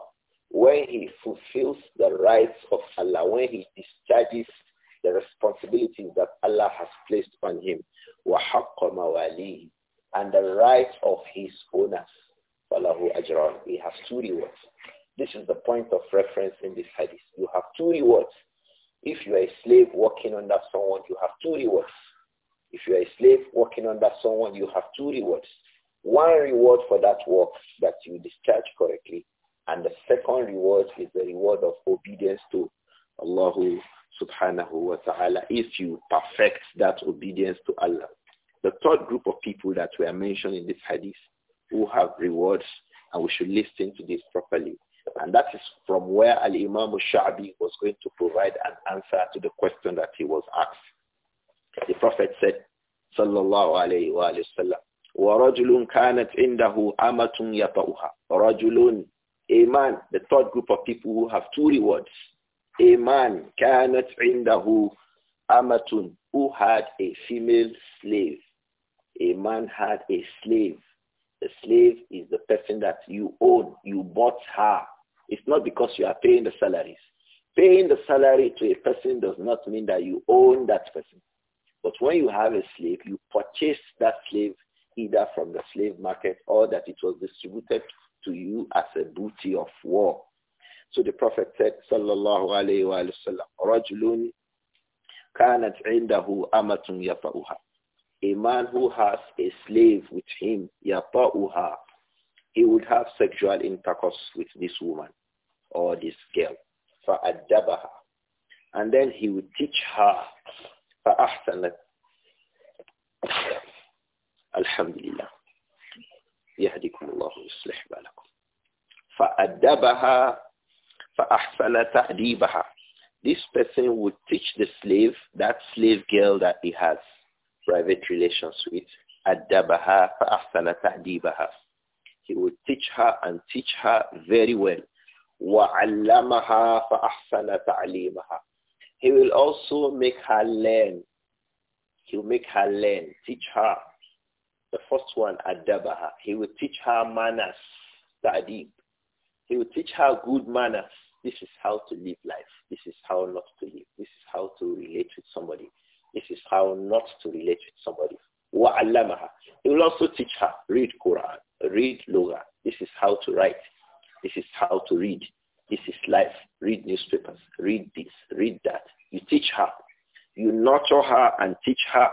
When he fulfills the rights of Allah, when he discharges the responsibilities that Allah has placed on him. وَحَقَّ مَوَالِيهِ And the rights of his owners. فَلَهُ أَجْرًا He has two rewards. This is the point of reference in this hadith. You have two rewards. If you are a slave working under someone, you have two rewards. If you're a slave working under someone, you have two rewards. One reward for that work that you discharge correctly, and the second reward is the reward of obedience to Allah subhanahu wa ta'ala if you perfect that obedience to Allah. The third group of people that were mentioned in this hadith who have rewards and we should listen to this properly. And that is from where Al-Imam al-Sha'bi was going to provide an answer to the question that he was asked. The Prophet said, sallallahu alayhi wa sallam, وَرَجُلٌ كَانَتْ عِنْدَهُ أَمَةٌ يَطَعُهَا رَجُلٌ A man, the third group of people who have two rewards. A man, كَانَتْ عِنْدَهُ أَمَةٌ Who had a female slave. A man had a slave. The slave is the person that you own. You bought her. It's not because you are paying the salaries. Paying the salary to a person does not mean that you own that person. But when you have a slave, you purchase that slave either from the slave market or that it was distributed to you as a booty of war. So the Prophet said, Sallallahu alayhi Wasallam, Rajulun kanat indahu amatun yafa'uha. A man who has a slave with him, yafa'uha, he would have sexual intercourse with this woman or this girl. فَأَدَّبَهَا. And then he would teach her فأحسنت الحمد لله يهديكم الله ويصلح بالكم فأدبها فأحسن تأديبها This person would teach the slave, that slave girl that he has private relations with, أدبها فأحسن تأديبها He would teach her and teach her very well. وعلمها فأحسن تعليمها he will also make her learn. He will make her learn, teach her. The first one, Adabaha. He will teach her manners, Ta'adib. He will teach her good manners. This is how to live life. This is how not to live. This is how to relate with somebody. This is how not to relate with somebody. وَعَلَّمَهَا He will also teach her, read Quran, read Loga. This is how to write. This is how to read. This is life. Read newspapers. Read this. Read that. You teach her. You nurture her and teach her.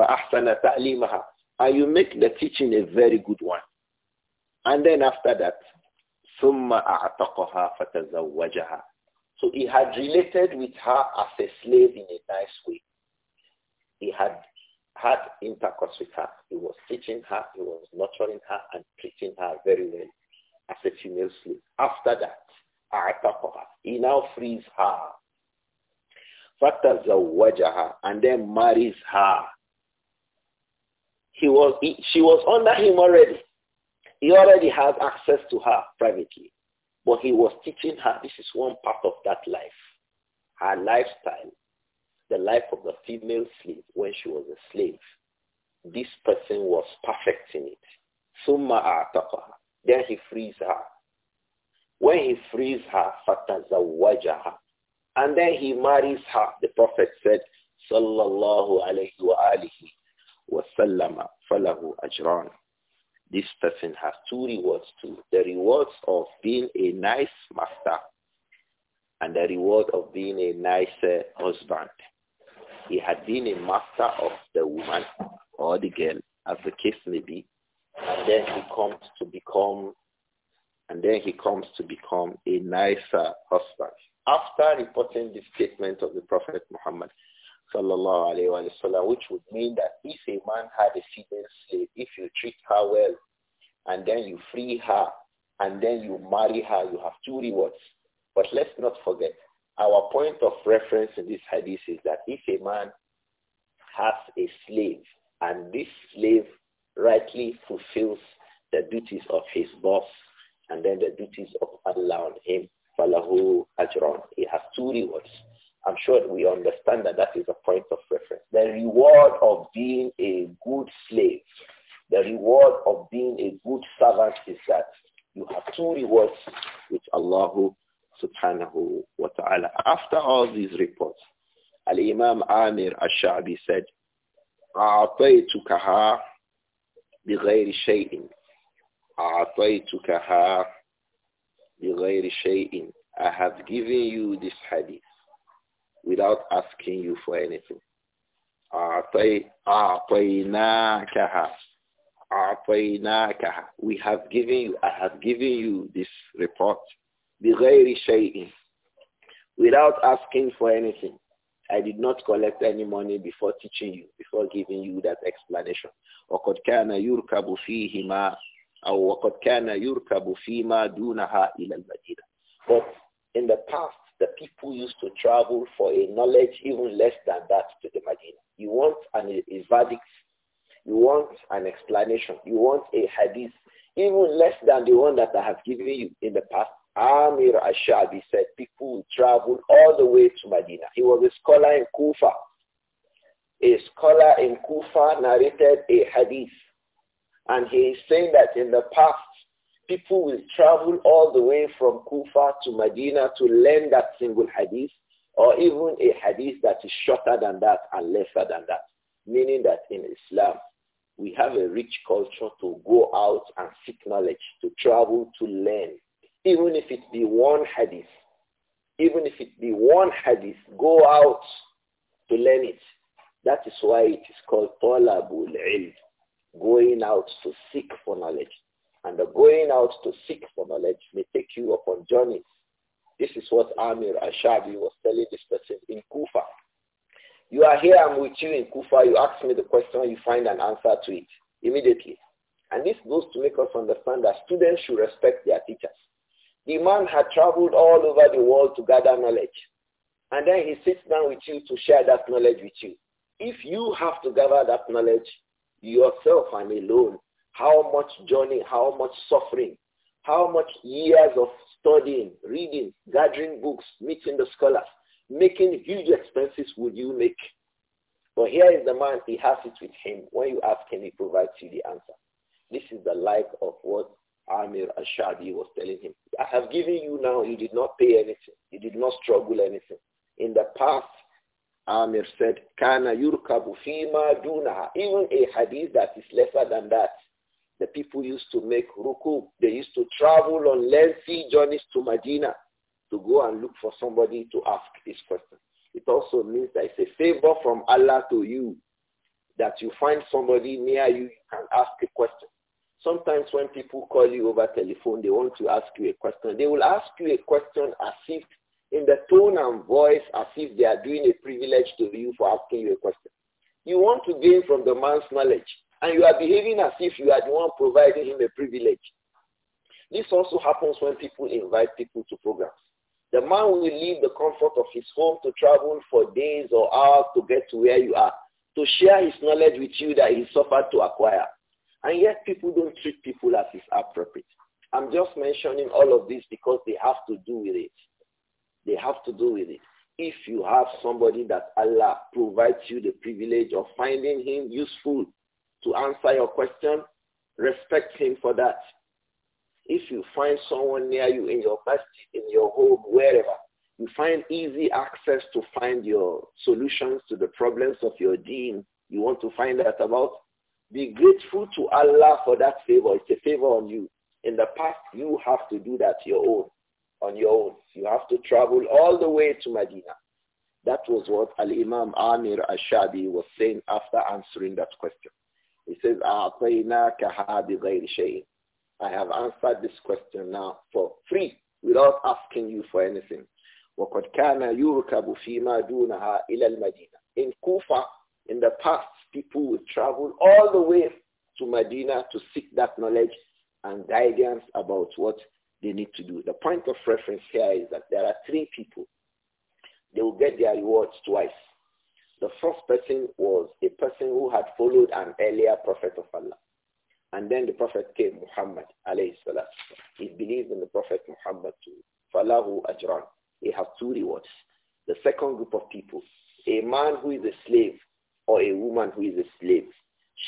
And you make the teaching a very good one. And then after that, فَتَزَوَّجَهَا So he had related with her as a slave in a nice way. He had had intercourse with her. He was teaching her, he was nurturing her and treating her very well as a female slave. After that, أعتقها. He now frees her. فَتَزَوَّجَهَا and then marries her. He was, he, she was under him already. He already has access to her privately. But he was teaching her, this is one part of that life. Her lifestyle, the life of the female slave when she was a slave. This person was perfecting it. Summa Then he frees her. When he frees her, فَتَزَوَّجَهَا And then he marries her. The Prophet said, sallallahu alayhi wa alihi wa sallama falahu ajran. This person has two rewards too. The rewards of being a nice master and the reward of being a nice uh, husband. He had been a master of the woman or the girl, as the case may be, and then he comes to become and then he comes to become a nicer husband. After reporting the statement of the Prophet Muhammad, sallallahu alayhi which would mean that if a man had a female slave, if you treat her well, and then you free her, and then you marry her, you have two rewards. But let's not forget, our point of reference in this hadith is that if a man has a slave, and this slave rightly fulfills the duties of his boss, and then the duties of Allah on him, falahu ajran. He has two rewards. I'm sure we understand that that is a point of reference. The reward of being a good slave, the reward of being a good servant is that you have two rewards with Allah subhanahu wa ta'ala. After all these reports, Al-Imam Amir al shabi said, أعطيتكها بغير شيء I have given you this hadith without asking you for anything. We have given you, I have given you this report without asking for anything. I did not collect any money before teaching you, before giving you that explanation. وقد كان يركب فيهما أو وقد كان يركب فيما دونها إلى المدينة. But in the past, the people used to travel for a knowledge even less than that to the Medina. You want an a verdict, you want an explanation, you want a hadith even less than the one that I have given you in the past. Amir Ashabi said people would travel all the way to Medina. He was a scholar in Kufa. A scholar in Kufa narrated a hadith and he is saying that in the past, people will travel all the way from Kufa to Medina to learn that single hadith or even a hadith that is shorter than that and lesser than that. Meaning that in Islam, we have a rich culture to go out and seek knowledge, to travel, to learn. Even if it be one hadith, even if it be one hadith, go out to learn it. That is why it is called Talabul Ilm going out to seek for knowledge. And the going out to seek for knowledge may take you upon journeys. This is what Amir Ashabi was telling this person in Kufa. You are here, I'm with you in Kufa, you ask me the question, you find an answer to it immediately. And this goes to make us understand that students should respect their teachers. The man had traveled all over the world to gather knowledge. And then he sits down with you to share that knowledge with you. If you have to gather that knowledge, yourself and alone, how much journey, how much suffering, how much years of studying, reading, gathering books, meeting the scholars, making huge expenses would you make? But here is the man, he has it with him. When you ask him, he provides you the answer. This is the like of what Amir Ashadi was telling him. I have given you now, you did not pay anything. You did not struggle anything. In the past, Amir said, Kana yurkabu fima dunaha. Even a hadith that is lesser than that. The people used to make ruku. They used to travel on lengthy journeys to Medina to go and look for somebody to ask this question. It also means that it's a favor from Allah to you that you find somebody near you, you can ask a question. Sometimes when people call you over telephone, they want to ask you a question. They will ask you a question as if in the tone and voice as if they are doing a privilege to you for asking you a question. You want to gain from the man's knowledge, and you are behaving as if you are the one providing him a privilege. This also happens when people invite people to programs. The man will leave the comfort of his home to travel for days or hours to get to where you are, to share his knowledge with you that he suffered to acquire. And yet people don't treat people as is appropriate. I'm just mentioning all of this because they have to do with it. They have to do with it. If you have somebody that Allah provides you the privilege of finding him useful to answer your question, respect him for that. If you find someone near you in your masjid, in your home, wherever, you find easy access to find your solutions to the problems of your deen you want to find out about, be grateful to Allah for that favor. It's a favor on you. In the past, you have to do that your own on your own. You have to travel all the way to Medina. That was what Al-Imam Amir Ashadi was saying after answering that question. He says, I have answered this question now for free without asking you for anything. وقد كان يركب فيما دونها إلى المدينة. In Kufa, in the past, people would travel all the way to Medina to seek that knowledge and guidance about what they need to do. The point of reference here is that there are three people. They will get their rewards twice. The first person was a person who had followed an earlier prophet of Allah. And then the prophet came, Muhammad, alayhi salam. He believed in the prophet Muhammad too. Falahu ajran. He has two rewards. The second group of people, a man who is a slave or a woman who is a slave,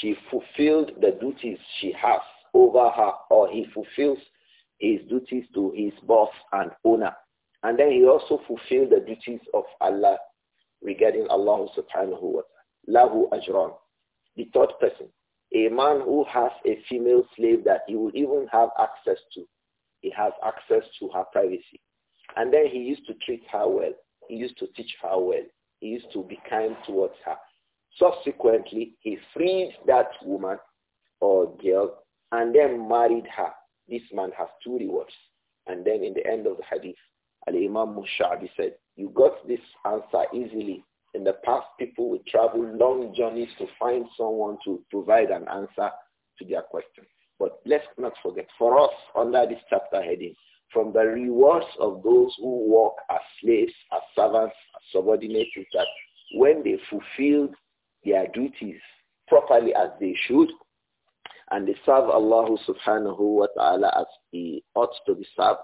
she fulfilled the duties she has over her or he fulfills his duties to his boss and owner. And then he also fulfilled the duties of Allah regarding Allah subhanahu wa ta'ala. Lahu ajran. The third person, a man who has a female slave that he would even have access to. He has access to her privacy. And then he used to treat her well. He used to teach her well. He used to be kind towards her. Subsequently, he freed that woman or girl and then married her this man has two rewards. And then in the end of the hadith, Al-Imam Mushabi said, you got this answer easily. In the past, people would travel long journeys to find someone to provide an answer to their question. But let's not forget, for us, under this chapter heading, from the rewards of those who work as slaves, as servants, as subordinates, is that when they fulfilled their duties properly as they should, and they serve Allah subhanahu wa ta'ala as he ought to be served,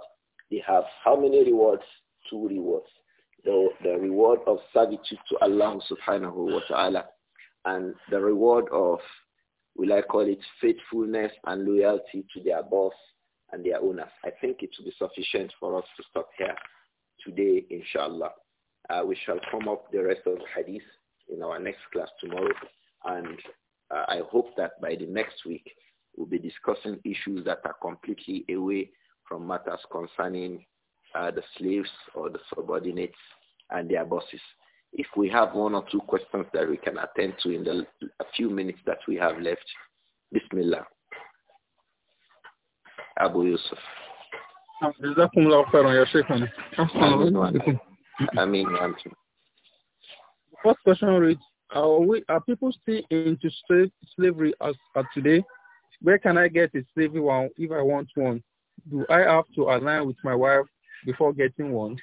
they have how many rewards? Two rewards. The, the reward of servitude to Allah subhanahu wa ta'ala and the reward of, will I call it, faithfulness and loyalty to their boss and their owners. I think it will be sufficient for us to stop here today, inshallah. Uh, we shall come up the rest of the hadith in our next class tomorrow and uh, I hope that by the next week, we'll be discussing issues that are completely away from matters concerning uh, the slaves or the subordinates and their bosses. If we have one or two questions that we can attend to in the a few minutes that we have left, Bismillah. Abu Yusuf. I mean, خيرا First question reads, are, we, are people still into slavery as, as today? Where can I get a slavery one if I want one? Do I have to align with my wife before getting one?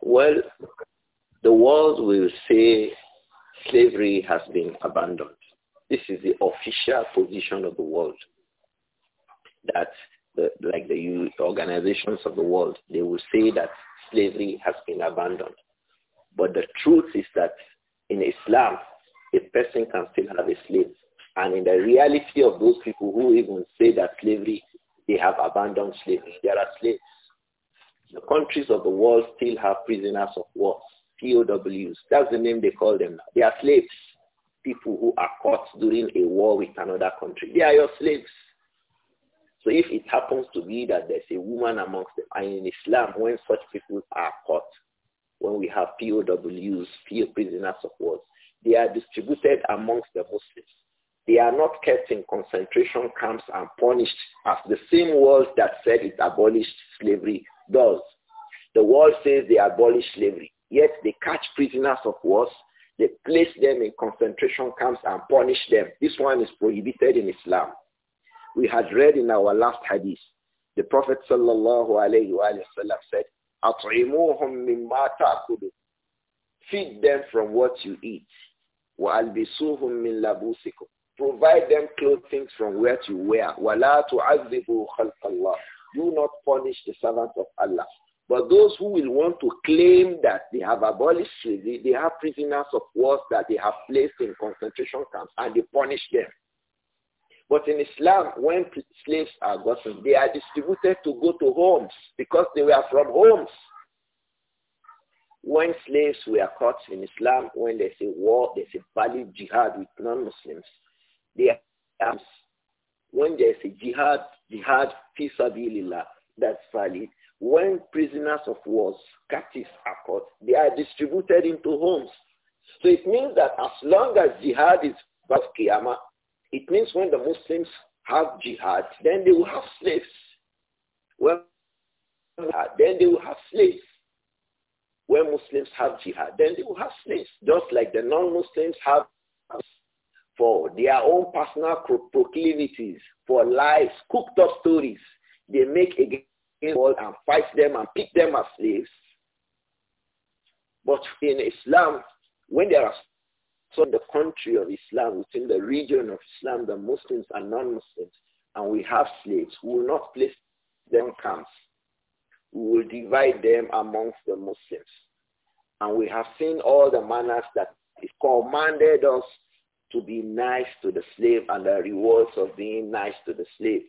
Well, the world will say slavery has been abandoned. This is the official position of the world. That, the, like the organizations of the world, they will say that slavery has been abandoned. But the truth is that in Islam, a person can still have a slave. And in the reality of those people who even say that slavery, they have abandoned slavery. They are slaves. The countries of the world still have prisoners of war, POWs. That's the name they call them now. They are slaves. People who are caught during a war with another country. They are your slaves. So if it happens to be that there's a woman amongst them, and in Islam, when such people are caught, when we have POWs, PO prisoners of war, they are distributed amongst the Muslims. They are not kept in concentration camps and punished as the same world that said it abolished slavery does. The world says they abolished slavery, yet they catch prisoners of war, they place them in concentration camps and punish them. This one is prohibited in Islam. We had read in our last hadith, the Prophet sallallahu alayhi wa said, Feed them from what you eat. وألبسوهم من لبوسكم Provide them clothing from where to wear. Do not punish the servants of Allah. But those who will want to claim that they have abolished slavery, they have prisoners of war that they have placed in concentration camps and they punish them. But in Islam, when slaves are gotten, they are distributed to go to homes because they were from homes. When slaves were caught in Islam, when there's a war, there's a valid jihad with non-Muslims, they are, when there's a jihad, jihad, peace abilillah, that's valid. When prisoners of wars, captives are caught, they are distributed into homes. So it means that as long as jihad is about Qiyamah, it means when the Muslims have jihad, then they will have slaves. Well, then they will have slaves. When Muslims have jihad, then they will have slaves, just like the non-Muslims have for their own personal proclivities, for lies, cooked up stories they make against the and fight them and pick them as slaves. But in Islam, when there are so the country of Islam, within the region of Islam, the Muslims and non-Muslims, and we have slaves, we will not place them in camps. We will divide them amongst the Muslims. And we have seen all the manners that is commanded us to be nice to the slave and the rewards of being nice to the slave.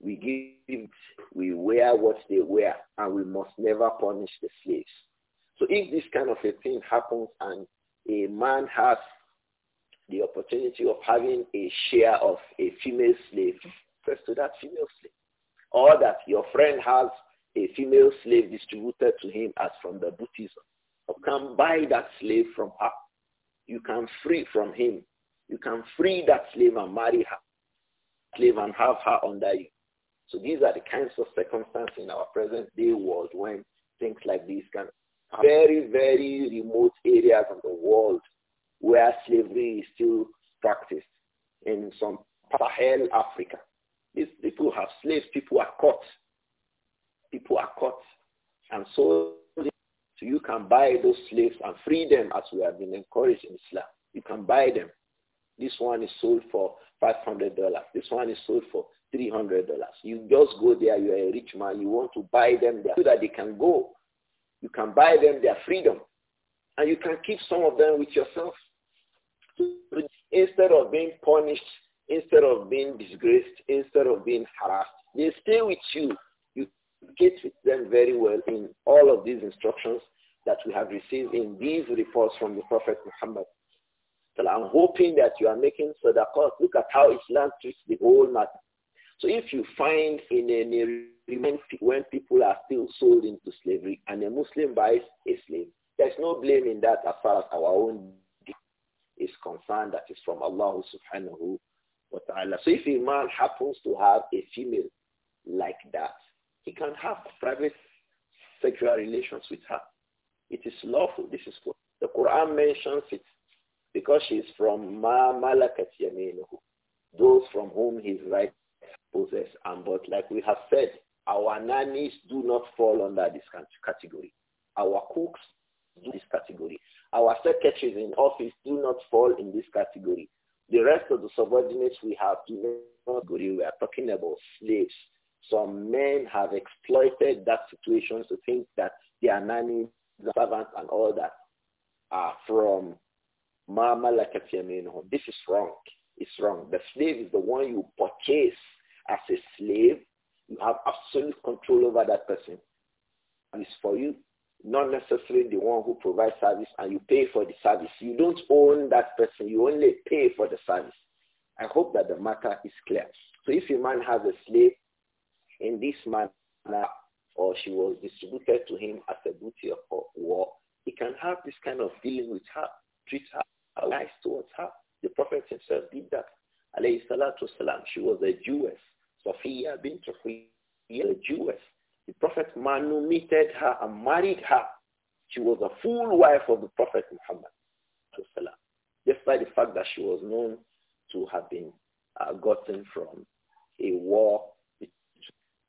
We give, we wear what they wear, and we must never punish the slaves. So if this kind of a thing happens and a man has the opportunity of having a share of a female slave first to that female slave. Or that your friend has a female slave distributed to him as from the booty. You can buy that slave from her. You can free from him. You can free that slave and marry her. Slave and have her under you. So these are the kinds of circumstances in our present day world when things like these can Very, very remote areas of the world where slavery is still practiced in some Sahel Africa. These people have slaves. People are caught. People are caught and sold. So you can buy those slaves and free them as we have been encouraged in Islam. You can buy them. This one is sold for $500. This one is sold for $300. You just go there. You are a rich man. You want to buy them there so that they can go. You can buy them their freedom. And you can keep some of them with yourself instead of being punished, instead of being disgraced, instead of being harassed. They stay with you. You get with them very well in all of these instructions that we have received in these reports from the Prophet Muhammad. So I'm hoping that you are making sadaqah. Look at how Islam treats the whole matter. So if you find in a when people are still sold into slavery and a Muslim buys a slave, there's no blame in that as far as our own is concerned that is from Allah subhanahu wa ta'ala. So if a man happens to have a female like that, he can have private sexual relations with her. It is lawful. This is what the Quran mentions it because she is from Ma Malakat Yaminuhu, those from whom his right possess. And but like we have said, our nannies do not fall under this category. Our cooks this category. Our secretaries in office do not fall in this category. The rest of the subordinates we have do not category. We are talking about slaves. Some men have exploited that situation to think that their nannies, the servants, and all that are from Mama Lakatiamino. This is wrong. It's wrong. The slave is the one you purchase as a slave. You have absolute control over that person. it's for you not necessarily the one who provides service and you pay for the service. You don't own that person. You only pay for the service. I hope that the matter is clear. So if a man has a slave in this manner or she was distributed to him as a booty of war, he can have this kind of dealing with her, treat her nice towards her. The Prophet himself did that. Alayhi salatu salam. She was a Jewess. Sophia bint Sophia, a Jewess. The Prophet manumitted her and married her. She was a full wife of the Prophet Muhammad. Despite the fact that she was known to have been uh, gotten from a war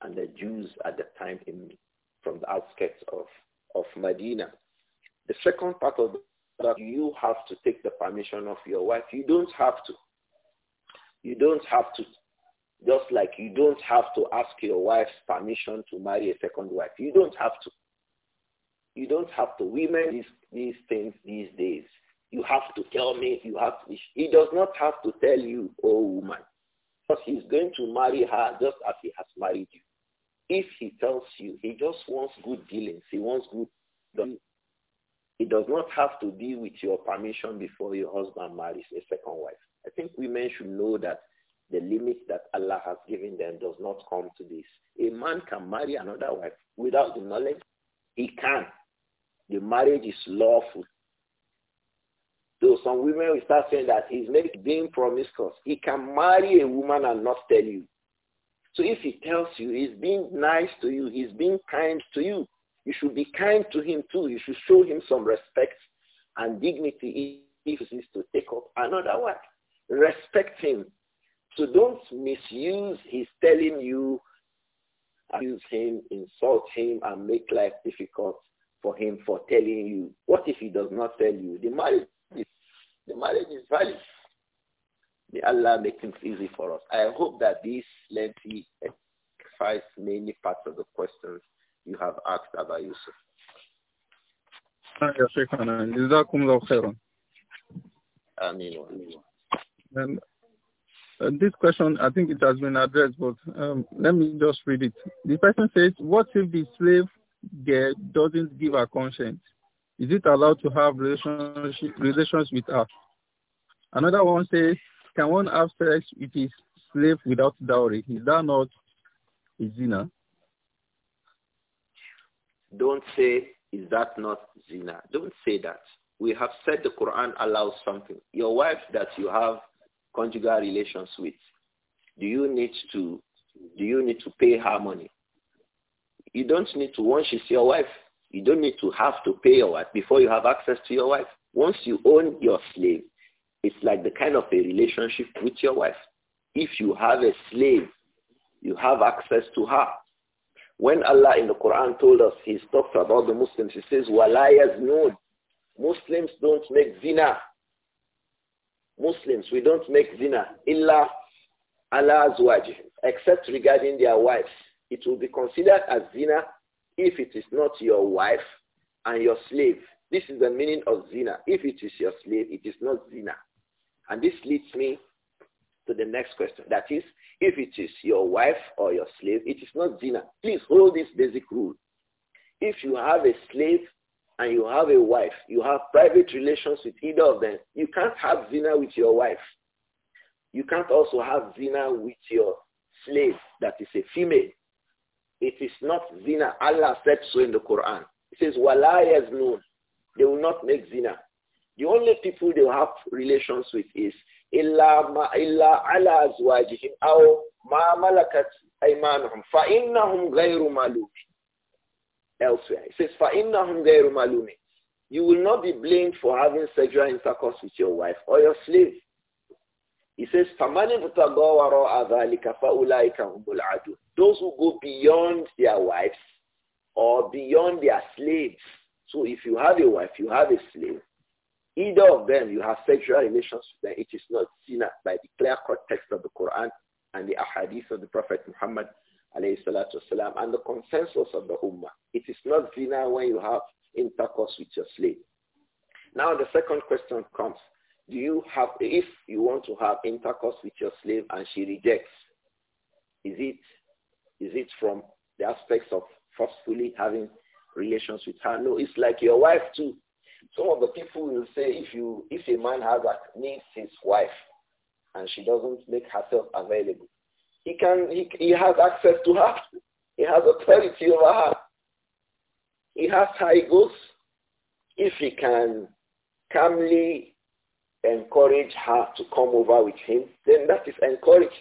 and the Jews at the time in, from the outskirts of, of Medina. The second part of that, you have to take the permission of your wife. You don't have to. You don't have to just like you don't have to ask your wife's permission to marry a second wife. You don't have to. You don't have to. Women, these, these things these days, you have to tell me, you have to. He does not have to tell you, oh woman, because he's going to marry her just as he has married you. If he tells you, he just wants good dealings. He wants good. Dealings. He does not have to be with your permission before your husband marries a second wife. I think women should know that the limit that Allah has given them does not come to this. A man can marry another wife without the knowledge. He can. The marriage is lawful. Though some women will start saying that he's being promiscuous. He can marry a woman and not tell you. So if he tells you, he's being nice to you, he's being kind to you, you should be kind to him too. You should show him some respect and dignity if he is to take up another wife. Respect him so don't misuse his telling you, abuse him, insult him, and make life difficult for him for telling you. What if he does not tell you? The marriage is, the marriage is valid. May Allah make things easy for us. I hope that this lengthy clarifies many parts of the questions you have asked about Yusuf. Thank you, Sheikh uh, this question, I think it has been addressed, but um, let me just read it. The person says, what if the slave girl doesn't give her consent? Is it allowed to have relationship, relations with her? Another one says, can one have sex with his slave without dowry? Is that not zina? Don't say, is that not zina? Don't say that. We have said the Quran allows something. Your wife that you have conjugal relations with, do you need to do you need to pay her money? You don't need to once she's your wife. You don't need to have to pay your wife before you have access to your wife. Once you own your slave, it's like the kind of a relationship with your wife. If you have a slave, you have access to her. When Allah in the Quran told us, he talks about the Muslims, he says, وَلَا يَزْنُونَ Muslims don't make zina. Muslims, we don't make zina illa Allah's azwaj, except regarding their wives. It will be considered as zina if it is not your wife and your slave. This is the meaning of zina. If it is your slave, it is not zina. And this leads me to the next question. That is, if it is your wife or your slave, it is not zina. Please hold this basic rule. If you have a slave and you have a wife, you have private relations with either of them, you can't have zina with your wife. You can't also have zina with your slave that is a female. It is not zina. Allah said so in the Quran. It says, Wala yaznun. They will not make zina. The only people they will have relations with is illa ma illa Allah ma malakat elsewhere. He says, فَإِنَّهُمْ غَيْرُ مَلُومٍ You will not be blamed for having sexual intercourse with your wife or your slave. He says, فَمَنِ بُتَغَى وَرَاءَ فَأُولَٰئِكَ هُمُ Those who go beyond their wives or beyond their slaves. So if you have a wife, you have a slave. Either of them, you have sexual relations with them. It is not seen by the clear-cut text of the Quran and the ahadith of the Prophet Muhammad alayhi salatu wasalam, and the consensus of the ummah. It is not zina when you have intercourse with your slave. Now the second question comes. Do you have, if you want to have intercourse with your slave and she rejects, is it, is it from the aspects of forcefully having relations with her? No, it's like your wife too. Some of the people will say if you, if a man has a, needs his wife and she doesn't make herself available, he can, he, he has access to her. He has authority over her. He has high goals. If he can calmly encourage her to come over with him, then that is encouraged.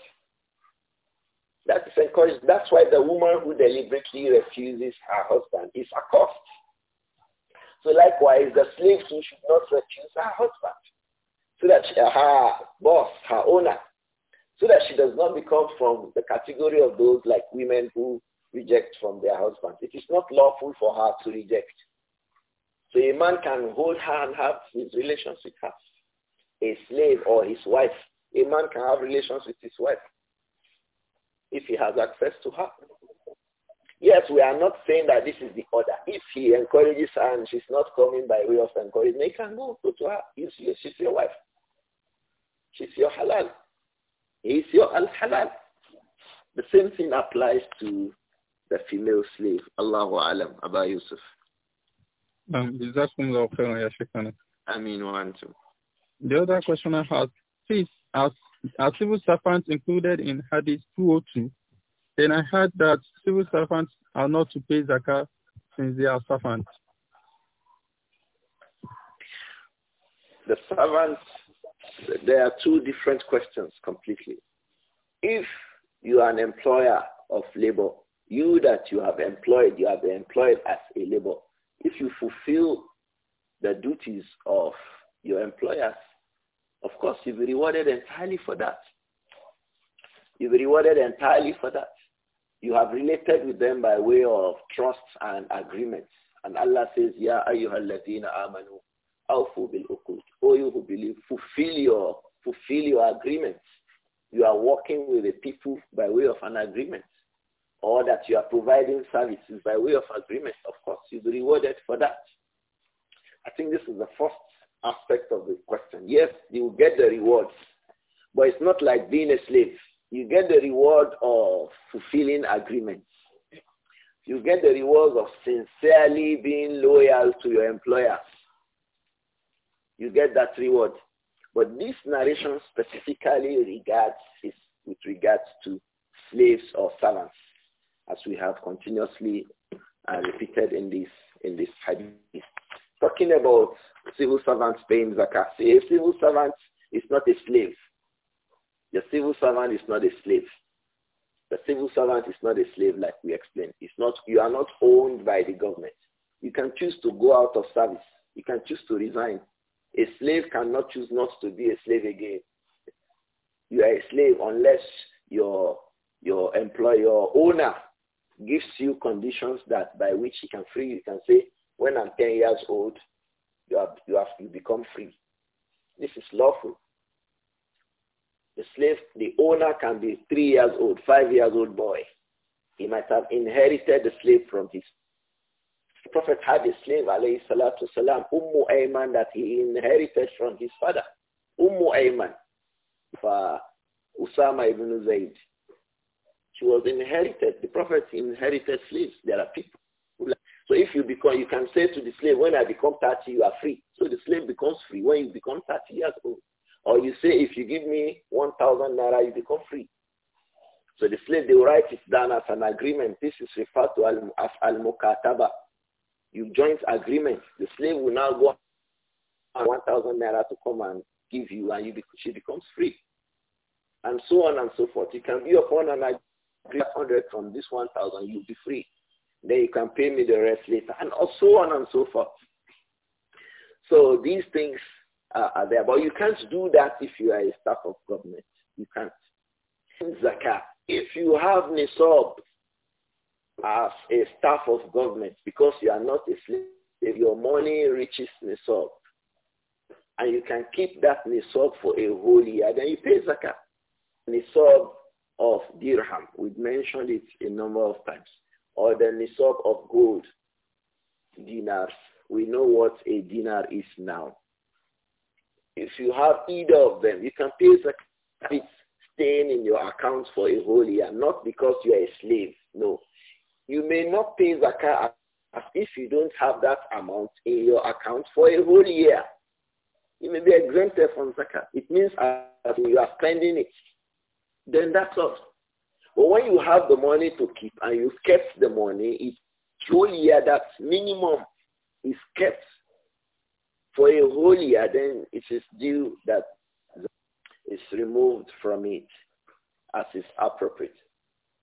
That is encouraged. That's why the woman who deliberately refuses her husband is accosted. So likewise, the slave who should not refuse her husband, so that her boss, her owner, so that she does not become from the category of those like women who reject from their husbands. It is not lawful for her to reject. So a man can hold her and have his relations with her. A slave or his wife, a man can have relations with his wife if he has access to her. Yes, we are not saying that this is the order. If he encourages her and she's not coming by way of encouragement, he can go, go to her. She's your wife. She's your halal is your al-halal. The same thing applies to the female slave. Allahu alam, Aba Yusuf. Um, Ameen wa antum. The other question I have, please, are, are civil servants included in Hadith 202? Then I heard that civil servants are not to pay zakah since they are servants. The servants there are two different questions completely. If you are an employer of labor, you that you have employed, you have employed as a labor. If you fulfill the duties of your employers, of course you'll be rewarded entirely for that. You'll be rewarded entirely for that. You have related with them by way of trust and agreements. And Allah says, Ya ayyuhalladina amanu, awfu bil all you who believe, fulfill your, fulfill your agreements. You are working with the people by way of an agreement or that you are providing services by way of agreement. Of course, you'll be rewarded for that. I think this is the first aspect of the question. Yes, you get the rewards, but it's not like being a slave. You get the reward of fulfilling agreements. You get the rewards of sincerely being loyal to your employers you get that reward. But this narration specifically regards is with regards to slaves or servants, as we have continuously uh, repeated in this in this hadith. Talking about civil servants paying zakat. See, a civil servant is not a slave. The civil servant is not a slave. The civil servant is not a slave, like we explained. It's not you are not owned by the government. You can choose to go out of service. You can choose to resign. A slave cannot choose not to be a slave again. You are a slave unless your, your employer, your owner gives you conditions that by which he can free you. You can say, when I'm 10 years old, you have, you have you become free. This is lawful. The slave, the owner can be three years old, five years old boy. He might have inherited the slave from his the Prophet had a slave, alayhi salatu salam, Ummu Ayman, that he inherited from his father. Ummu Ayman, for Usama ibn Zayd. She was inherited. The Prophet inherited slaves. There are people. So if you become, you can say to the slave, when I become 30, you are free. So the slave becomes free when you become 30 years old. Or you say, if you give me 1,000 naira, you become free. So the slave, they write it down as an agreement. This is referred to as al-mukataba. You joint agreement. The slave will now go 1,000 naira to come and give you and you be, she becomes free. And so on and so forth. You can be upon an agreement 100 from this 1,000, you'll be free. Then you can pay me the rest later. And so on and so forth. So these things are there. But you can't do that if you are a staff of government. You can't. Zakat. If you have nisab, as a staff of government because you are not a slave. If your money reaches nisab and you can keep that nisab for a whole year, then you pay zakat. Nisab of dirham, we've mentioned it a number of times, or the nisab of gold, dinars. We know what a dinar is now. If you have either of them, you can pay zakat. It's staying in your account for a whole year, not because you are a slave. No, you may not pay zakat as if you don't have that amount in your account for a whole year. You may be exempted from zakat. It means as you are spending it. Then that's all. But when you have the money to keep and you've kept the money, it's whole year that minimum is kept for a whole year, then it is due that is removed from it as is appropriate.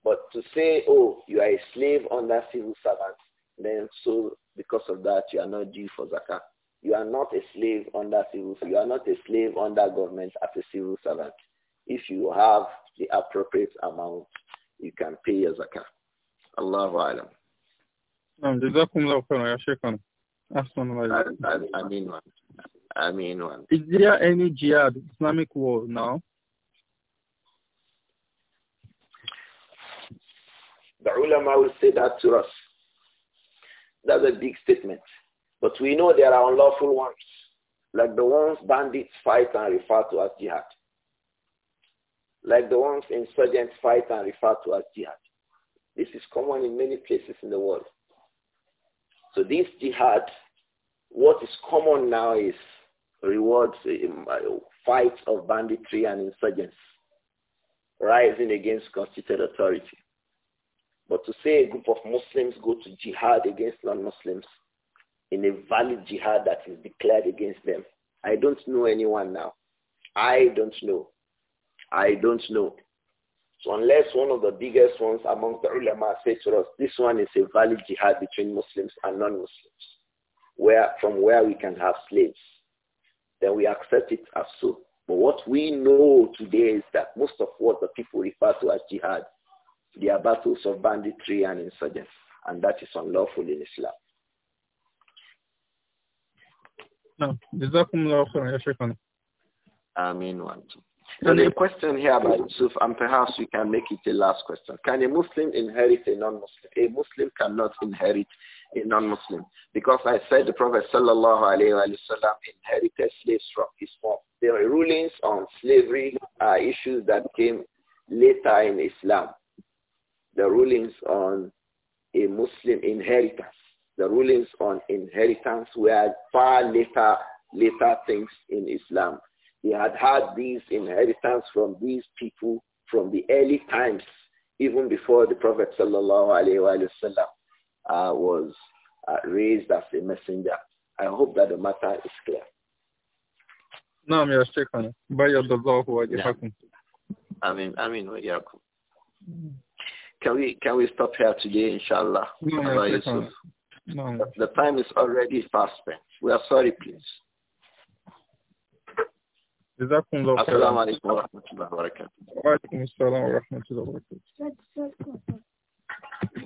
But to say, oh, you are a slave under civil servant, then so because of that, you are not due for zakat. You are not a slave under civil, you are not a slave under government as a civil servant. If you have the appropriate amount, you can pay your zakat. Allahu alam. جزاكم الله I mean one. I mean one. Is there any jihad, Islamic war now? The ulama will say that to us. That's a big statement. But we know there are unlawful ones, like the ones bandits fight and refer to as jihad. Like the ones insurgents fight and refer to as jihad. This is common in many places in the world. So this jihad, what is common now is rewards, um, uh, fights of banditry and insurgents rising against constituted authority. But to say a group of Muslims go to jihad against non-Muslims in a valid jihad that is declared against them, I don't know anyone now. I don't know. I don't know. So unless one of the biggest ones among the ulama say to us, this one is a valid jihad between Muslims and non-Muslims, where, from where we can have slaves, then we accept it as so. But what we know today is that most of what the people refer to as jihad are battles of banditry and insurgents, and that is unlawful in Islam. No, I mean one. So the question here about Yusuf, and perhaps we can make it a last question. Can a Muslim inherit a non-Muslim? A Muslim cannot inherit a non-Muslim because I said the Prophet sallallahu alaihi wasallam inherited slaves from his mom. The rulings on slavery are uh, issues that came later in Islam the rulings on a Muslim inheritance, the rulings on inheritance were far later, later things in Islam. They had had these inheritance from these people from the early times, even before the Prophet sallallahu uh, was uh, raised as a messenger. I hope that the matter is clear. نعم يا شيخنا بيض الله وجهكم آمين آمين وإياكم can we can we stop here today, inshallah? No, yes, no. The, the time is already fast spent. We are sorry, please. جزاكم alaikum.